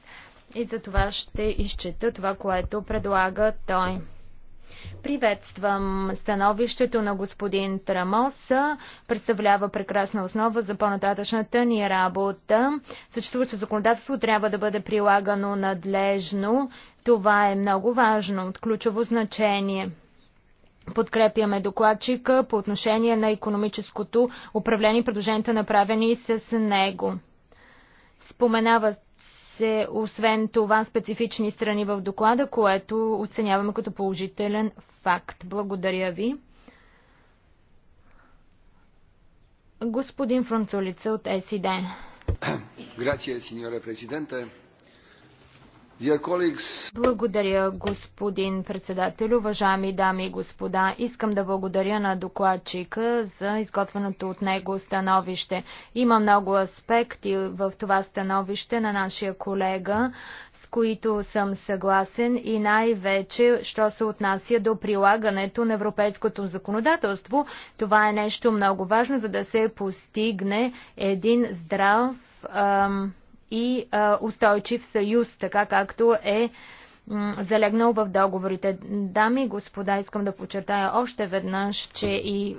И за това ще изчета това, което предлага той. Приветствам становището на господин Трамос. Представлява прекрасна основа за по-нататъчната ни работа. Съществуващото законодателство трябва да бъде прилагано надлежно. Това е много важно, от ключово значение. Подкрепяме докладчика по отношение на економическото управление и предложенията направени с него. Споменават се освен това специфични страни в доклада, което оценяваме като положителен факт. Благодаря ви. Господин Францолица от СИД. Грация, сеньора президента. Благодаря, господин председател. Уважаеми дами и господа, искам да благодаря на докладчика за изготвеното от него становище. Има много аспекти в това становище на нашия колега, с които съм съгласен и най-вече, що се отнася до прилагането на европейското законодателство. Това е нещо много важно, за да се постигне един здрав... Ам и устойчив съюз, така както е залегнал в договорите. Дами и господа, искам да подчертая още веднъж, че и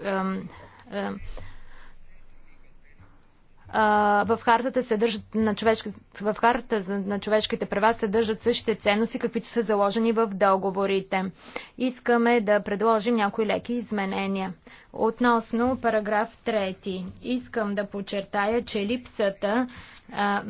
в хартата се държат на човешки, в хартата на човешките права се държат същите ценности, каквито са заложени в договорите. Искаме да предложим някои леки изменения. Относно параграф 3. Искам да подчертая, че липсата а,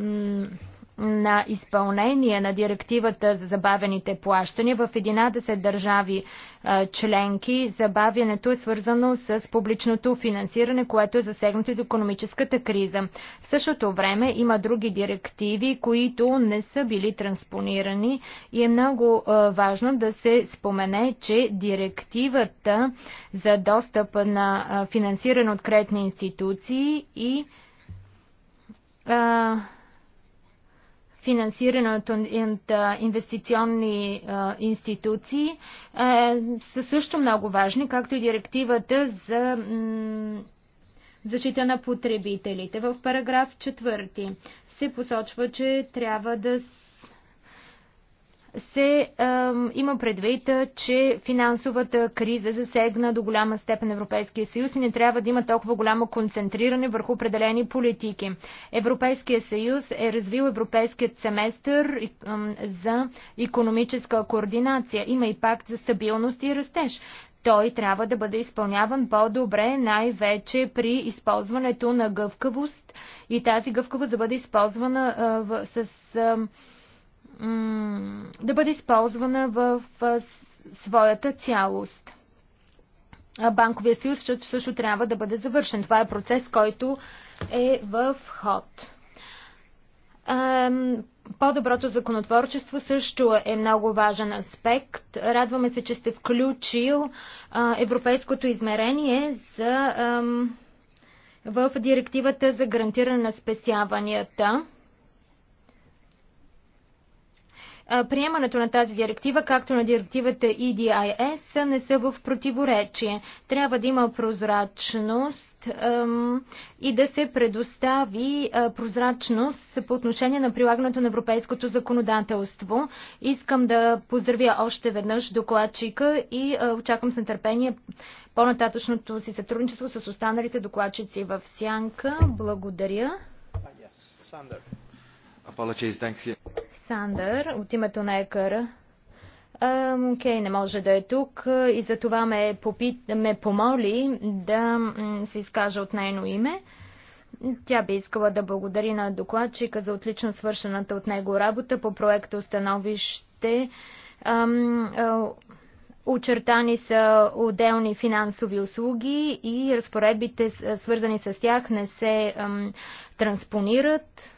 на изпълнение на директивата за забавените плащания в 11 държави е, членки. Забавянето е свързано с публичното финансиране, което е засегнато от економическата криза. В същото време има други директиви, които не са били транспонирани и е много е, важно да се спомене, че директивата за достъп на е, финансиране от кредитни институции и финансирането от инвестиционни институции са също много важни, както и директивата за защита на потребителите. В параграф 4 се посочва, че трябва да се е, има предвид, че финансовата криза засегна до голяма степен Европейския съюз и не трябва да има толкова голямо концентриране върху определени политики. Европейския съюз е развил европейският семестър е, за економическа координация. Има и пакт за стабилност и растеж. Той трябва да бъде изпълняван по-добре, най-вече при използването на гъвкавост и тази гъвкавост да бъде използвана е, в, с. Е, да бъде използвана в своята цялост. Банковия съюз също трябва да бъде завършен. Това е процес, който е в ход. По-доброто законотворчество също е много важен аспект. Радваме се, че сте включил европейското измерение за, в директивата за гарантиране на спесяванията. Приемането на тази директива, както на директивата EDIS, не са в противоречие. Трябва да има прозрачност и да се предостави прозрачност по отношение на прилагането на европейското законодателство. Искам да поздравя още веднъж докладчика и очаквам с нетърпение по-нататъчното си сътрудничество с останалите докладчици в Сянка. Благодаря. Александър от името на ЕКР. Окей, okay, не може да е тук и за това ме, попит... ме помоли да се изкажа от нейно име. Тя би искала да благодари на докладчика за отлично свършената от него работа по проекта установище Очертани са отделни финансови услуги и разпоредбите, свързани с тях, не се транспонират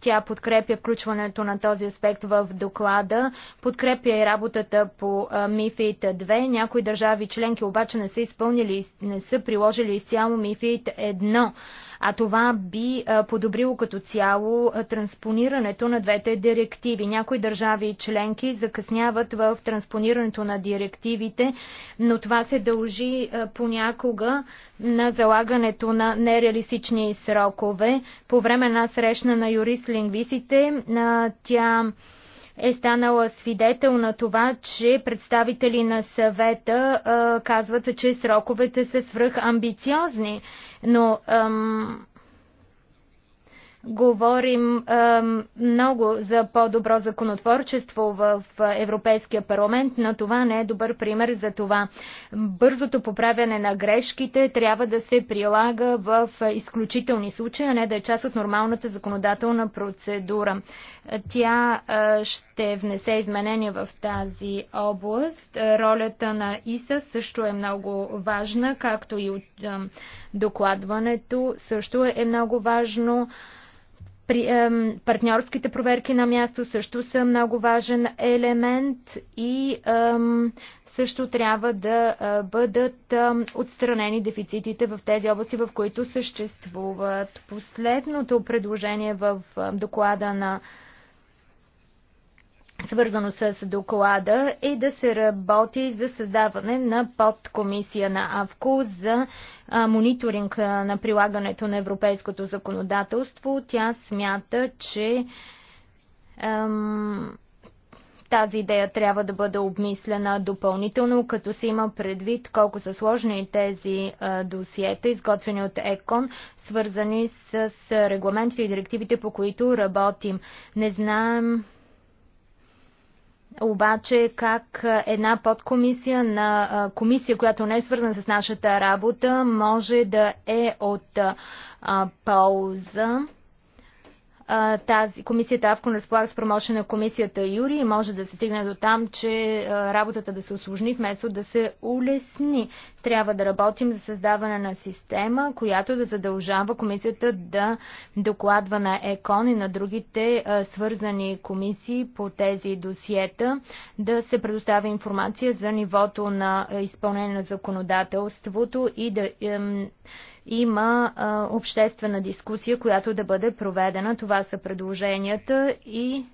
тя подкрепя включването на този аспект в доклада, подкрепя и работата по мифит 2. Някои държави членки обаче не са изпълнили, не са приложили изцяло мифит 1 а това би подобрило като цяло транспонирането на двете директиви. Някои държави и членки закъсняват в транспонирането на директивите, но това се дължи понякога на залагането на нереалистични срокове. По време на срещна на юрист-лингвисите тя е станала свидетел на това, че представители на съвета а, казват, че сроковете са свръхамбициозни но ам, Говорим много за по-добро законотворчество в Европейския парламент, но това не е добър пример за това. Бързото поправяне на грешките трябва да се прилага в изключителни случаи, а не да е част от нормалната законодателна процедура. Тя ще внесе изменения в тази област. Ролята на ИСА също е много важна, както и от докладването също е много важно. При, е, партньорските проверки на място също са много важен елемент и е, също трябва да е, бъдат е, отстранени дефицитите в тези области, в които съществуват. Последното предложение в е, доклада на е, свързано с доклада, е да се работи за създаване на подкомисия на АВКО за мониторинг на прилагането на европейското законодателство. Тя смята, че ем, тази идея трябва да бъде обмислена допълнително, като се има предвид колко са сложни тези досиета, изготвени от ЕКОН, свързани с регламентите и директивите, по които работим. Не знаем обаче как една подкомисия на комисия, която не е свързана с нашата работа, може да е от полза тази комисията Авкон разполага с промоша на комисията Юри и може да се стигне до там, че работата да се осложни вместо да се улесни. Трябва да работим за създаване на система, която да задължава комисията да докладва на ЕКОН и на другите свързани комисии по тези досиета, да се предоставя информация за нивото на изпълнение на законодателството и да има а, обществена дискусия, която да бъде проведена. Това са предложенията и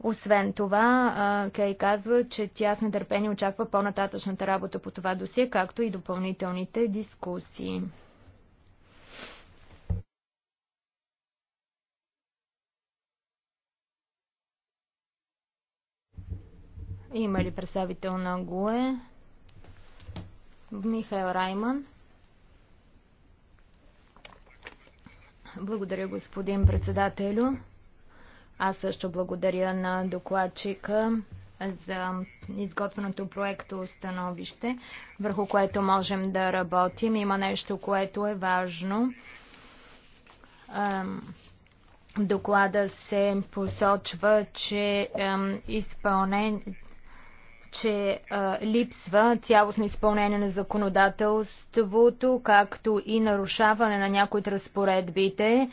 освен това, Кей казва, че тя с нетърпение очаква по-нататъчната работа по това досие, както и допълнителните дискусии. Има ли представител на ГУЕ? Михаил Райман. Благодаря, господин председателю. Аз също благодаря на докладчика за изготвеното проекто становище, върху което можем да работим. Има нещо, което е важно. В доклада се посочва, че изпълнението че а, липсва цялостно изпълнение на законодателството, както и нарушаване на някои от разпоредбите.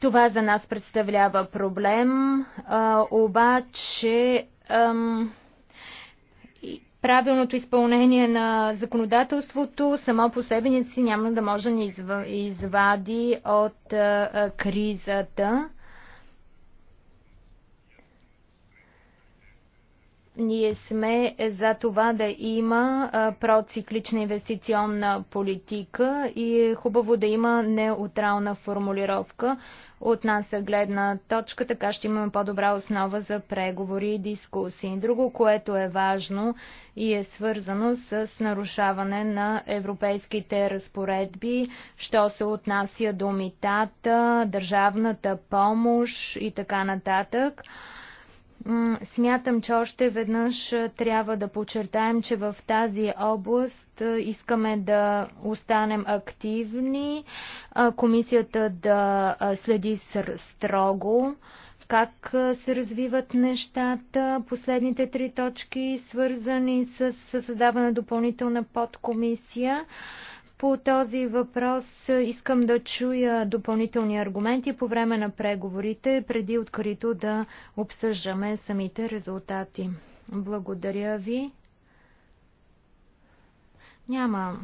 Това за нас представлява проблем, а, обаче ам, правилното изпълнение на законодателството само по себе си няма да може да ни извади от а, кризата. Ние сме за това да има проциклична инвестиционна политика и е хубаво да има неутрална формулировка от нас е гледна точка, така ще имаме по-добра основа за преговори и дискусии. Друго, което е важно и е свързано с нарушаване на европейските разпоредби, що се отнася до митата, държавната помощ и така нататък. Смятам, че още веднъж трябва да подчертаем, че в тази област искаме да останем активни, комисията да следи строго как се развиват нещата. Последните три точки, свързани с създаване на допълнителна подкомисия. По този въпрос искам да чуя допълнителни аргументи по време на преговорите, преди открито да обсъждаме самите резултати. Благодаря ви. Няма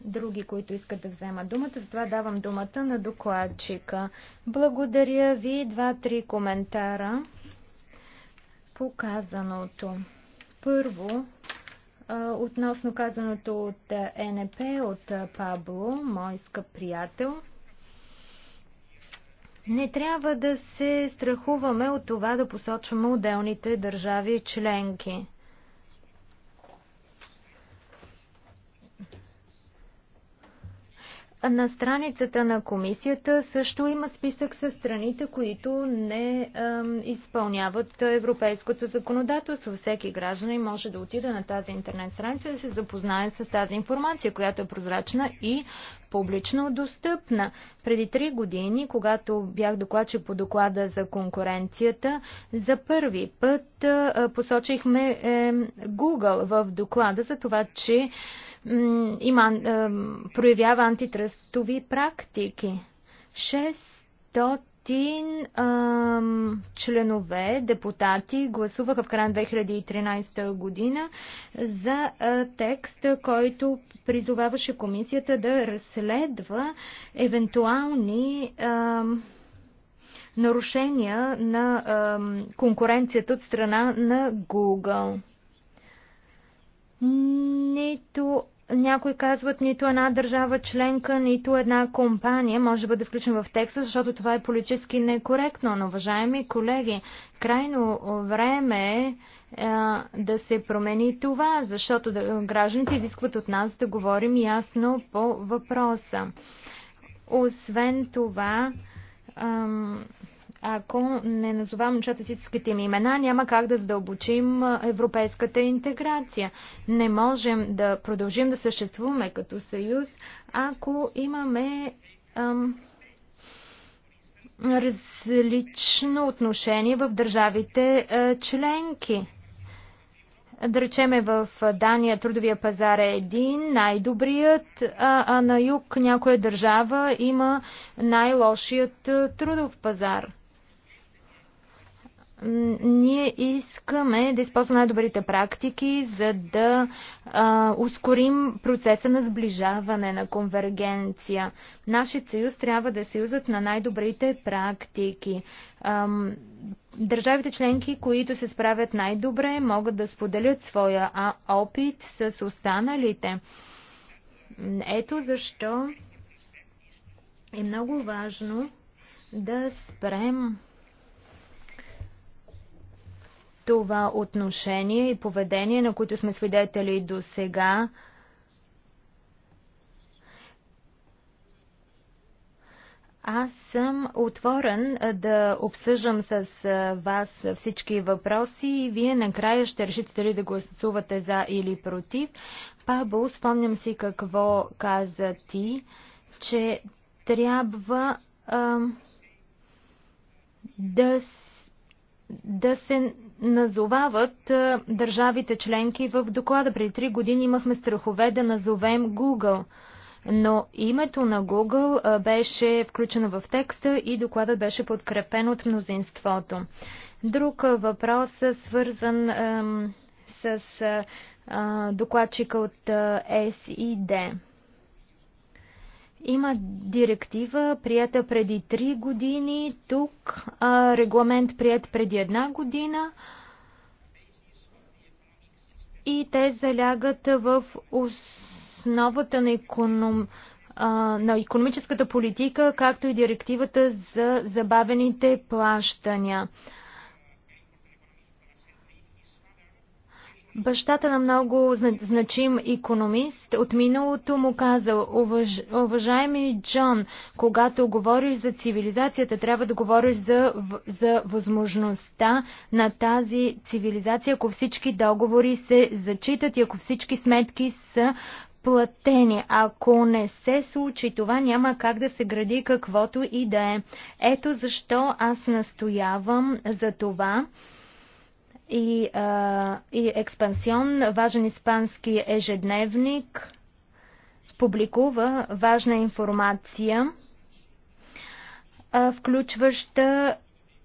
други, които искат да вземат думата. Затова давам думата на докладчика. Благодаря ви. Два-три коментара по казаното. Първо, Относно казаното от НП, от Пабло, мой скъп приятел, не трябва да се страхуваме от това да посочваме отделните държави членки. На страницата на комисията също има списък с страните, които не е, изпълняват европейското законодателство. Всеки гражданин може да отиде на тази интернет страница и да се запознае с тази информация, която е прозрачна и публично достъпна. Преди три години, когато бях докладчик по доклада за конкуренцията, за първи път е, посочихме е, Google в доклада за това, че е, има, е, проявява антитръстови практики. 600 е, членове, депутати гласуваха в края на 2013 година за е, текст, който призоваваше комисията да разследва евентуални нарушения на конкуренцията от страна на Google. Нито някои казват нито една държава членка, нито една компания може да бъде включена в текста, защото това е политически некоректно. Но, уважаеми колеги, крайно време е да се промени това, защото гражданите изискват от нас да говорим ясно по въпроса. Освен това, ако не назовам нещата с истинските им имена, няма как да задълбочим европейската интеграция. Не можем да продължим да съществуваме като съюз, ако имаме ам, различно отношение в държавите а, членки. Да речеме в Дания трудовия пазар е един, най-добрият, а, а на юг някоя държава има най-лошият трудов пазар. Ние искаме да използваме най-добрите практики, за да а, ускорим процеса на сближаване, на конвергенция. Нашият съюз трябва да е съюзът на най-добрите практики. А, държавите членки, които се справят най-добре, могат да споделят своя опит с останалите. Ето защо е много важно да спрем това отношение и поведение, на които сме свидетели до сега, Аз съм отворен да обсъждам с вас всички въпроси и вие накрая ще решите дали да гласувате за или против. Пабло, спомням си какво каза ти, че трябва а, да, да се назовават държавите членки в доклада. Преди три години имахме страхове да назовем Google, но името на Google беше включено в текста и докладът беше подкрепен от мнозинството. Друг въпрос свързан ем, с е, докладчика от СИД. Има директива, прията преди 3 години, тук а, регламент прият преди една година и те залягат в основата на, економ, а, на економическата политика, както и директивата за забавените плащания. Бащата на много значим економист от миналото му казал, Уваж... уважаеми Джон, когато говориш за цивилизацията, трябва да говориш за, за възможността на тази цивилизация, ако всички договори се зачитат и ако всички сметки са платени. Ако не се случи това, няма как да се гради каквото и да е. Ето защо аз настоявам за това и, а, и Експансион, важен испански ежедневник, публикува важна информация, а, включваща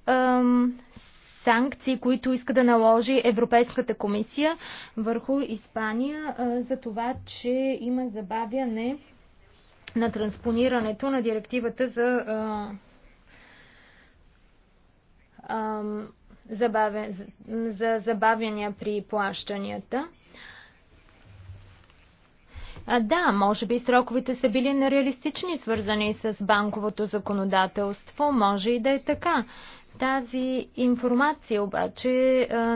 а, санкции, които иска да наложи Европейската комисия върху Испания а, за това, че има забавяне на транспонирането на директивата за. А, а, забавя, за забавяния при плащанията. А, да, може би сроковете са били нереалистични, свързани с банковото законодателство. Може и да е така. Тази информация обаче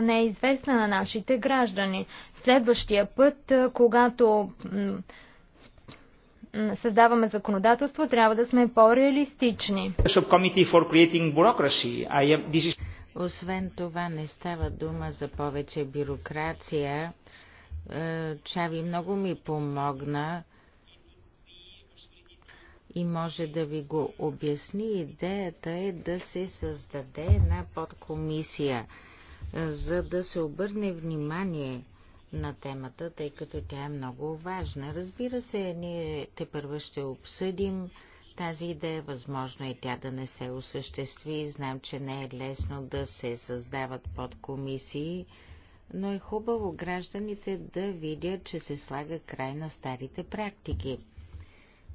не е известна на нашите граждани. Следващия път, когато създаваме законодателство, трябва да сме по-реалистични. Освен това не става дума за повече бюрокрация. Е, Чави много ми помогна и може да ви го обясни. Идеята е да се създаде една подкомисия, е, за да се обърне внимание на темата, тъй като тя е много важна. Разбира се, ние те първо ще обсъдим тази идея възможно е тя да не се осъществи. Знам, че не е лесно да се създават подкомисии, но е хубаво гражданите да видят, че се слага край на старите практики.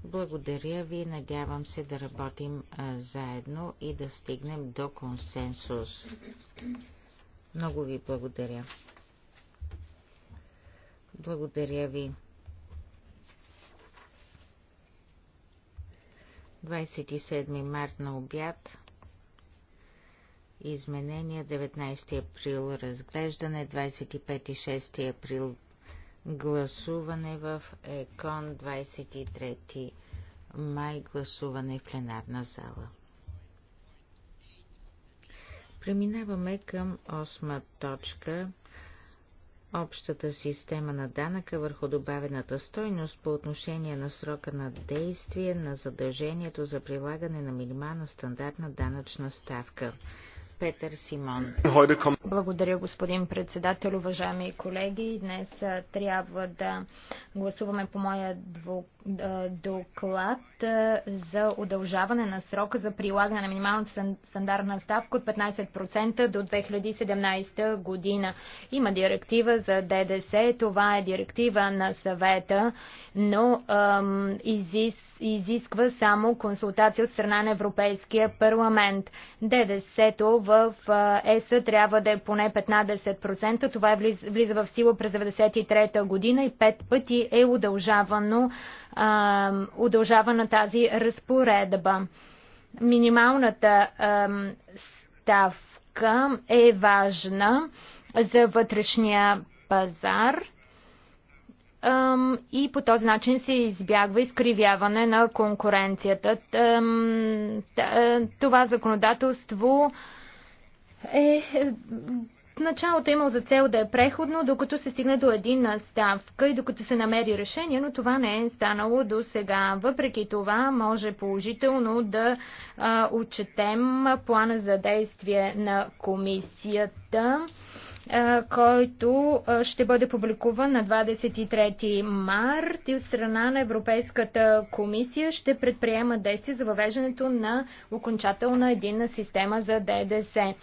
Благодаря ви, надявам се да работим а, заедно и да стигнем до консенсус. Много ви благодаря. Благодаря ви. 27 март на обяд. Изменения 19 април разглеждане, 25 и 6 април гласуване в ЕКОН, 23 май гласуване в пленарна зала. Преминаваме към 8- точка – общата система на данъка върху добавената стойност по отношение на срока на действие на задължението за прилагане на минимална стандартна данъчна ставка. Петър Симон. Благодаря, господин председател, уважаеми колеги. Днес трябва да гласуваме по моя доклад за удължаване на срока за прилагане на минималната стандартна ставка от 15% до 2017 година. Има директива за ДДС, това е директива на съвета, но ам, изисква само консултация от страна на Европейския парламент. ДДС-то в ЕС трябва да е поне 15%. Това е влиза в сила през 1993 година и пет пъти е удължавано, а, удължавана тази разпоредба. Минималната а, ставка е важна за вътрешния пазар – и по този начин се избягва изкривяване на конкуренцията. Това законодателство е началото е имало за цел да е преходно, докато се стигне до единна ставка и докато се намери решение, но това не е станало до сега. Въпреки това, може положително да а, отчетем плана за действие на комисията който ще бъде публикуван на 23 март и от страна на Европейската комисия ще предприема действия за въвеждането на окончателна единна система за ДДС.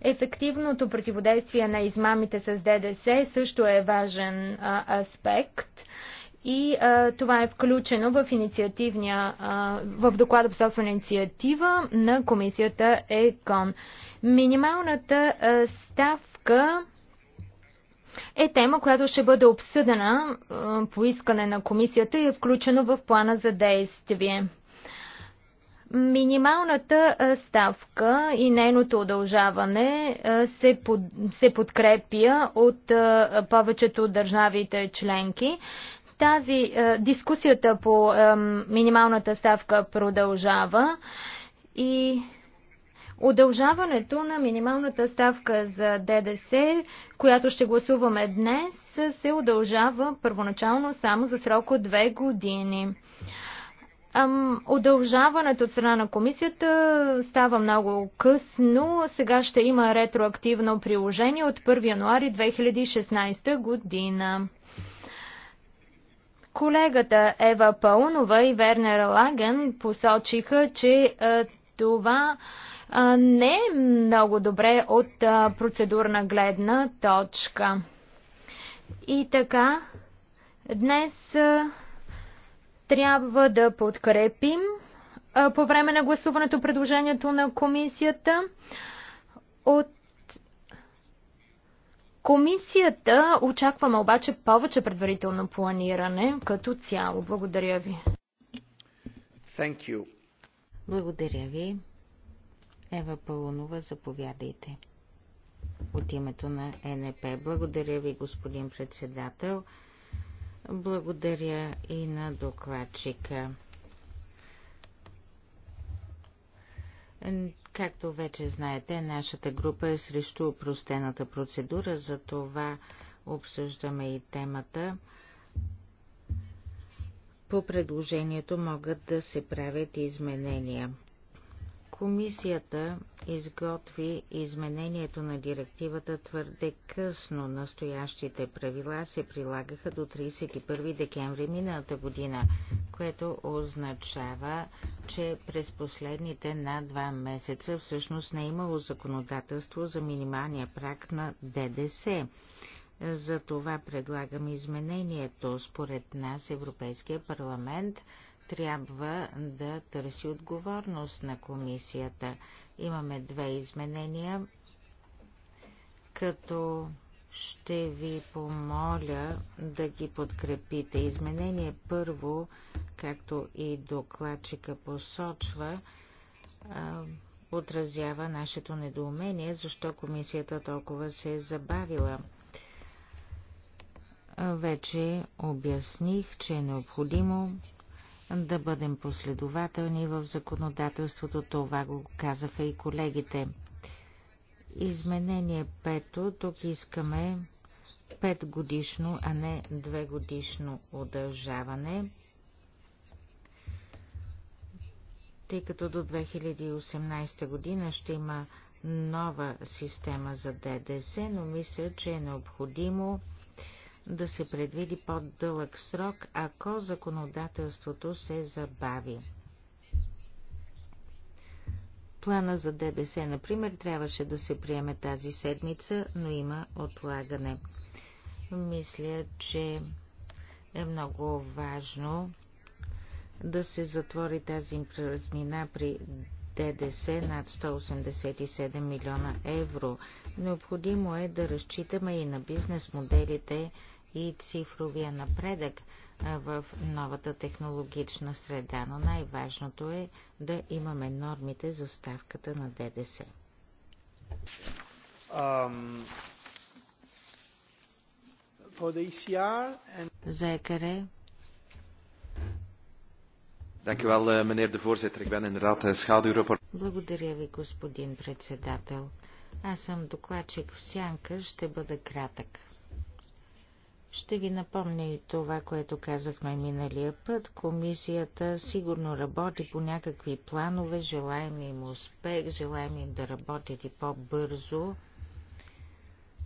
Ефективното противодействие на измамите с ДДС също е важен аспект и а, това е включено в инициативния, а, в доклада по собствена инициатива на комисията ЕКОН. Минималната а, ставка връзка е тема, която ще бъде обсъдена по искане на комисията и е включено в плана за действие. Минималната ставка и нейното удължаване се, под, се подкрепя от повечето държавите членки. Тази дискусията по минималната ставка продължава и Удължаването на минималната ставка за ДДС, която ще гласуваме днес, се удължава първоначално само за срок от две години. Удължаването от страна на комисията става много късно. Сега ще има ретроактивно приложение от 1 януари 2016 година. Колегата Ева Паунова и Вернер Лаген посочиха, че това е не е много добре от процедурна гледна точка. И така, днес трябва да подкрепим по време на гласуването предложението на комисията. От комисията очакваме обаче повече предварително планиране като цяло. Благодаря ви. Thank you. Благодаря ви. Ева Пълнова, заповядайте. От името на НП. Благодаря ви, господин председател. Благодаря и на докладчика. Както вече знаете, нашата група е срещу упростената процедура, за това обсъждаме и темата. По предложението могат да се правят изменения. Комисията изготви изменението на директивата твърде късно. Настоящите правила се прилагаха до 31 декември миналата година, което означава, че през последните над два месеца всъщност не е имало законодателство за минималния прак на ДДС. Затова предлагам изменението. Според нас Европейския парламент – трябва да търси отговорност на комисията. Имаме две изменения, като ще ви помоля да ги подкрепите. Изменение първо, както и докладчика посочва, отразява нашето недоумение, защо комисията толкова се е забавила. Вече обясних, че е необходимо да бъдем последователни в законодателството. Това го казаха и колегите. Изменение пето. Тук искаме пет годишно, а не 2 годишно удължаване, тъй като до 2018 година ще има нова система за ДДС, но мисля, че е необходимо да се предвиди по-дълъг срок, ако законодателството се забави. Плана за ДДС, например, трябваше да се приеме тази седмица, но има отлагане. Мисля, че е много важно да се затвори тази празнина при ДДС над 187 милиона евро. Необходимо е да разчитаме и на бизнес моделите и цифровия напредък в новата технологична среда, но най-важното е да имаме нормите за ставката на ДДС. Um, and... За eh, eh, Благодаря ви, господин председател. Аз съм докладчик в Сянка, ще бъда кратък. Ще ви напомня и това, което казахме миналия път. Комисията сигурно работи по някакви планове, желаем им успех, желаем им да работят и по-бързо.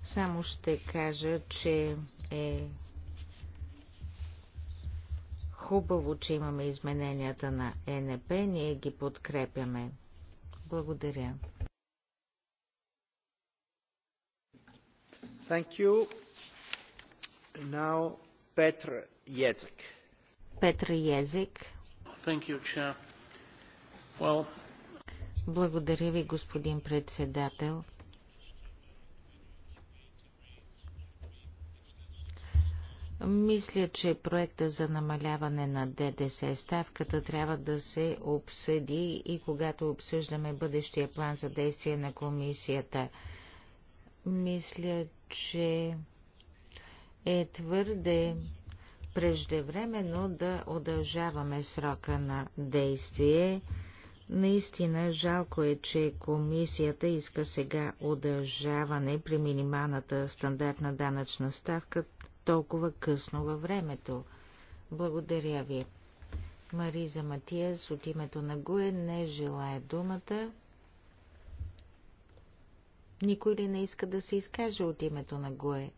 Само ще кажа, че е хубаво, че имаме измененията на ЕНП, ние ги подкрепяме. Благодаря. Thank you. Now, Петър Петър Thank you, Chair. Well... Благодаря ви, господин председател. Мисля, че проекта за намаляване на ДДС ставката трябва да се обсъди и когато обсъждаме бъдещия план за действие на комисията. Мисля, че е твърде преждевременно да удължаваме срока на действие. Наистина жалко е, че комисията иска сега удължаване при минималната стандартна данъчна ставка толкова късно във времето. Благодаря ви. Мариза Матиас от името на Гуе не желая думата. Никой ли не иска да се изкаже от името на Гуе?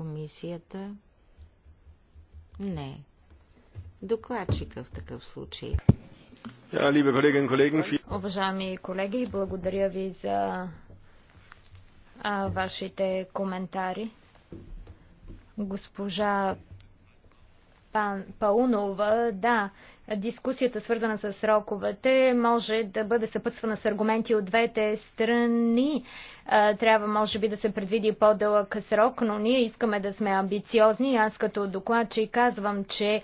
комисията? Не. Докладчика в такъв случай. Уважаеми колеги, благодаря ви за вашите коментари. Госпожа Пан Паунова, да, дискусията свързана с сроковете може да бъде съпътствана с аргументи от двете страни. Трябва, може би, да се предвиди по-дълъг срок, но ние искаме да сме амбициозни. Аз като докладчик казвам, че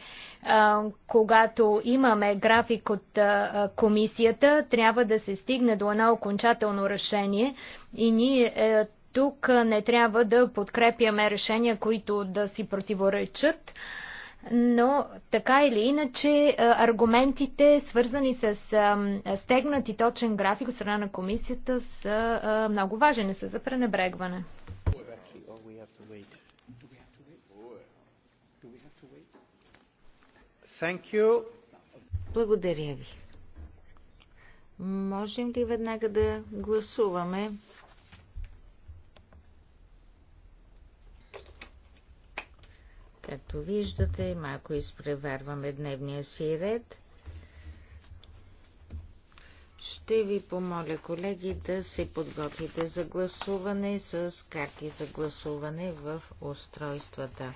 когато имаме график от комисията, трябва да се стигне до едно окончателно решение и ние е, тук не трябва да подкрепяме решения, които да си противоречат но така или иначе е, аргументите, свързани с е, стегнат и точен график от страна на комисията, са е, много важни са за пренебрегване. Благодаря ви. Можем ли веднага да гласуваме Както виждате, малко изпреварваме дневния си ред. Ще ви помоля, колеги, да се подготвите за гласуване с карти за гласуване в устройствата.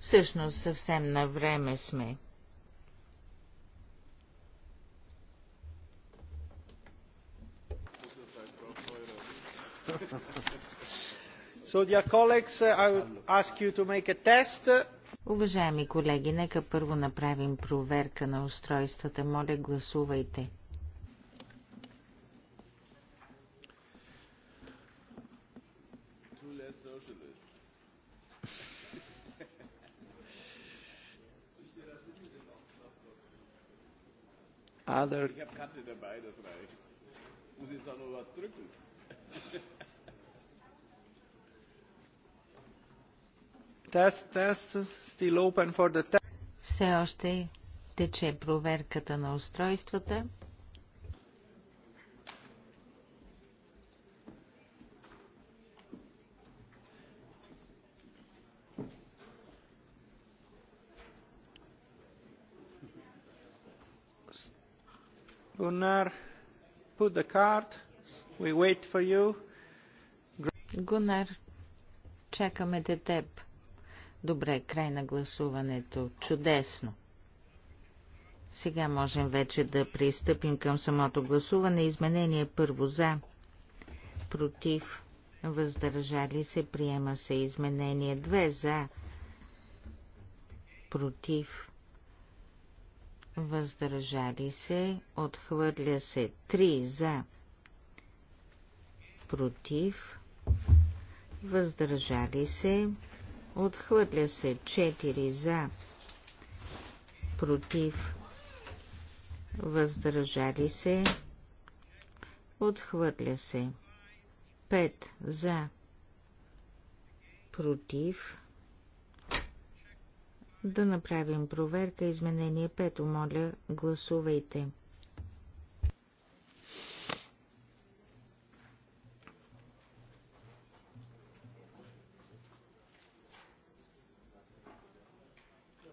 Всъщност съвсем на време сме. (laughs) Uh, Уважаеми колеги, нека първо направим проверка на устройствата. Моля, гласувайте. other. Ich habe Kante dabei, das reicht. Ich muss jetzt auch noch was drücken. Test, test, still open for the test. Все още тече проверката на устройствата. Gunnar, put the card. We wait for you. Гунар, чакаме те теб. Добре, край на гласуването. Чудесно. Сега можем вече да пристъпим към самото гласуване. Изменение първо за, против, въздържали се, приема се изменение Две за, против, въздържали се, отхвърля се 3 за, против, въздържали се, отхвърля се 4 за, против, въздържали се, отхвърля се 5 за, против, да направим проверка. Изменение 5. Моля, гласувайте.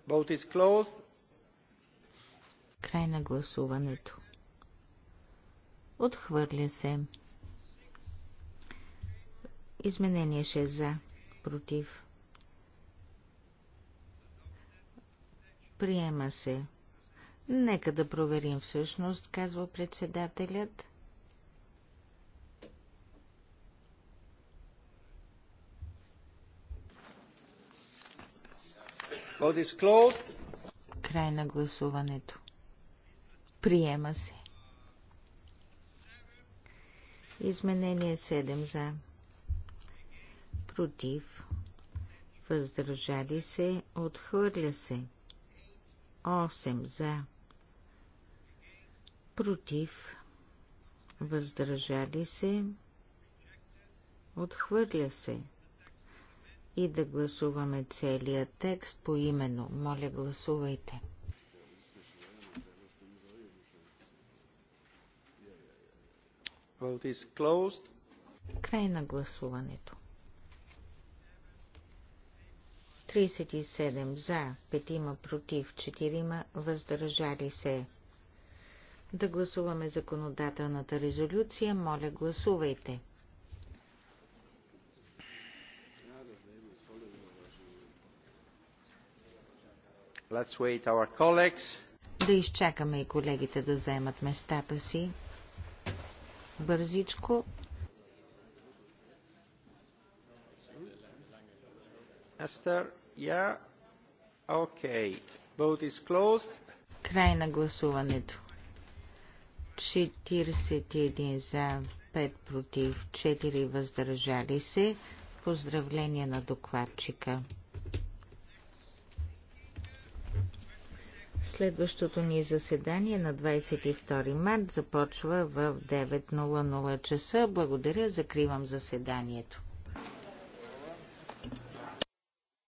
Vote is closed. Край на гласуването. Отхвърля се. Изменение 6 за. Против. Приема се. Нека да проверим всъщност, казва председателят. Край на гласуването. Приема се. Изменение 7 за. Против. Въздържали се. Отхвърля се. 8 за, против, въздържали се, отхвърля се. И да гласуваме целия текст по именно. Моля, гласувайте. Край на гласуването. 37 за, 5 против, 4 въздържали се. Да гласуваме законодателната резолюция. Моля, гласувайте. Let's wait our colleagues. Да изчакаме и колегите да вземат местата си. Бързичко. Естер. Край на гласуването. 41 за, 5 против, 4 въздържали се. Поздравление на докладчика. Следващото ни заседание на 22 март започва в 9.00 часа. Благодаря, закривам заседанието.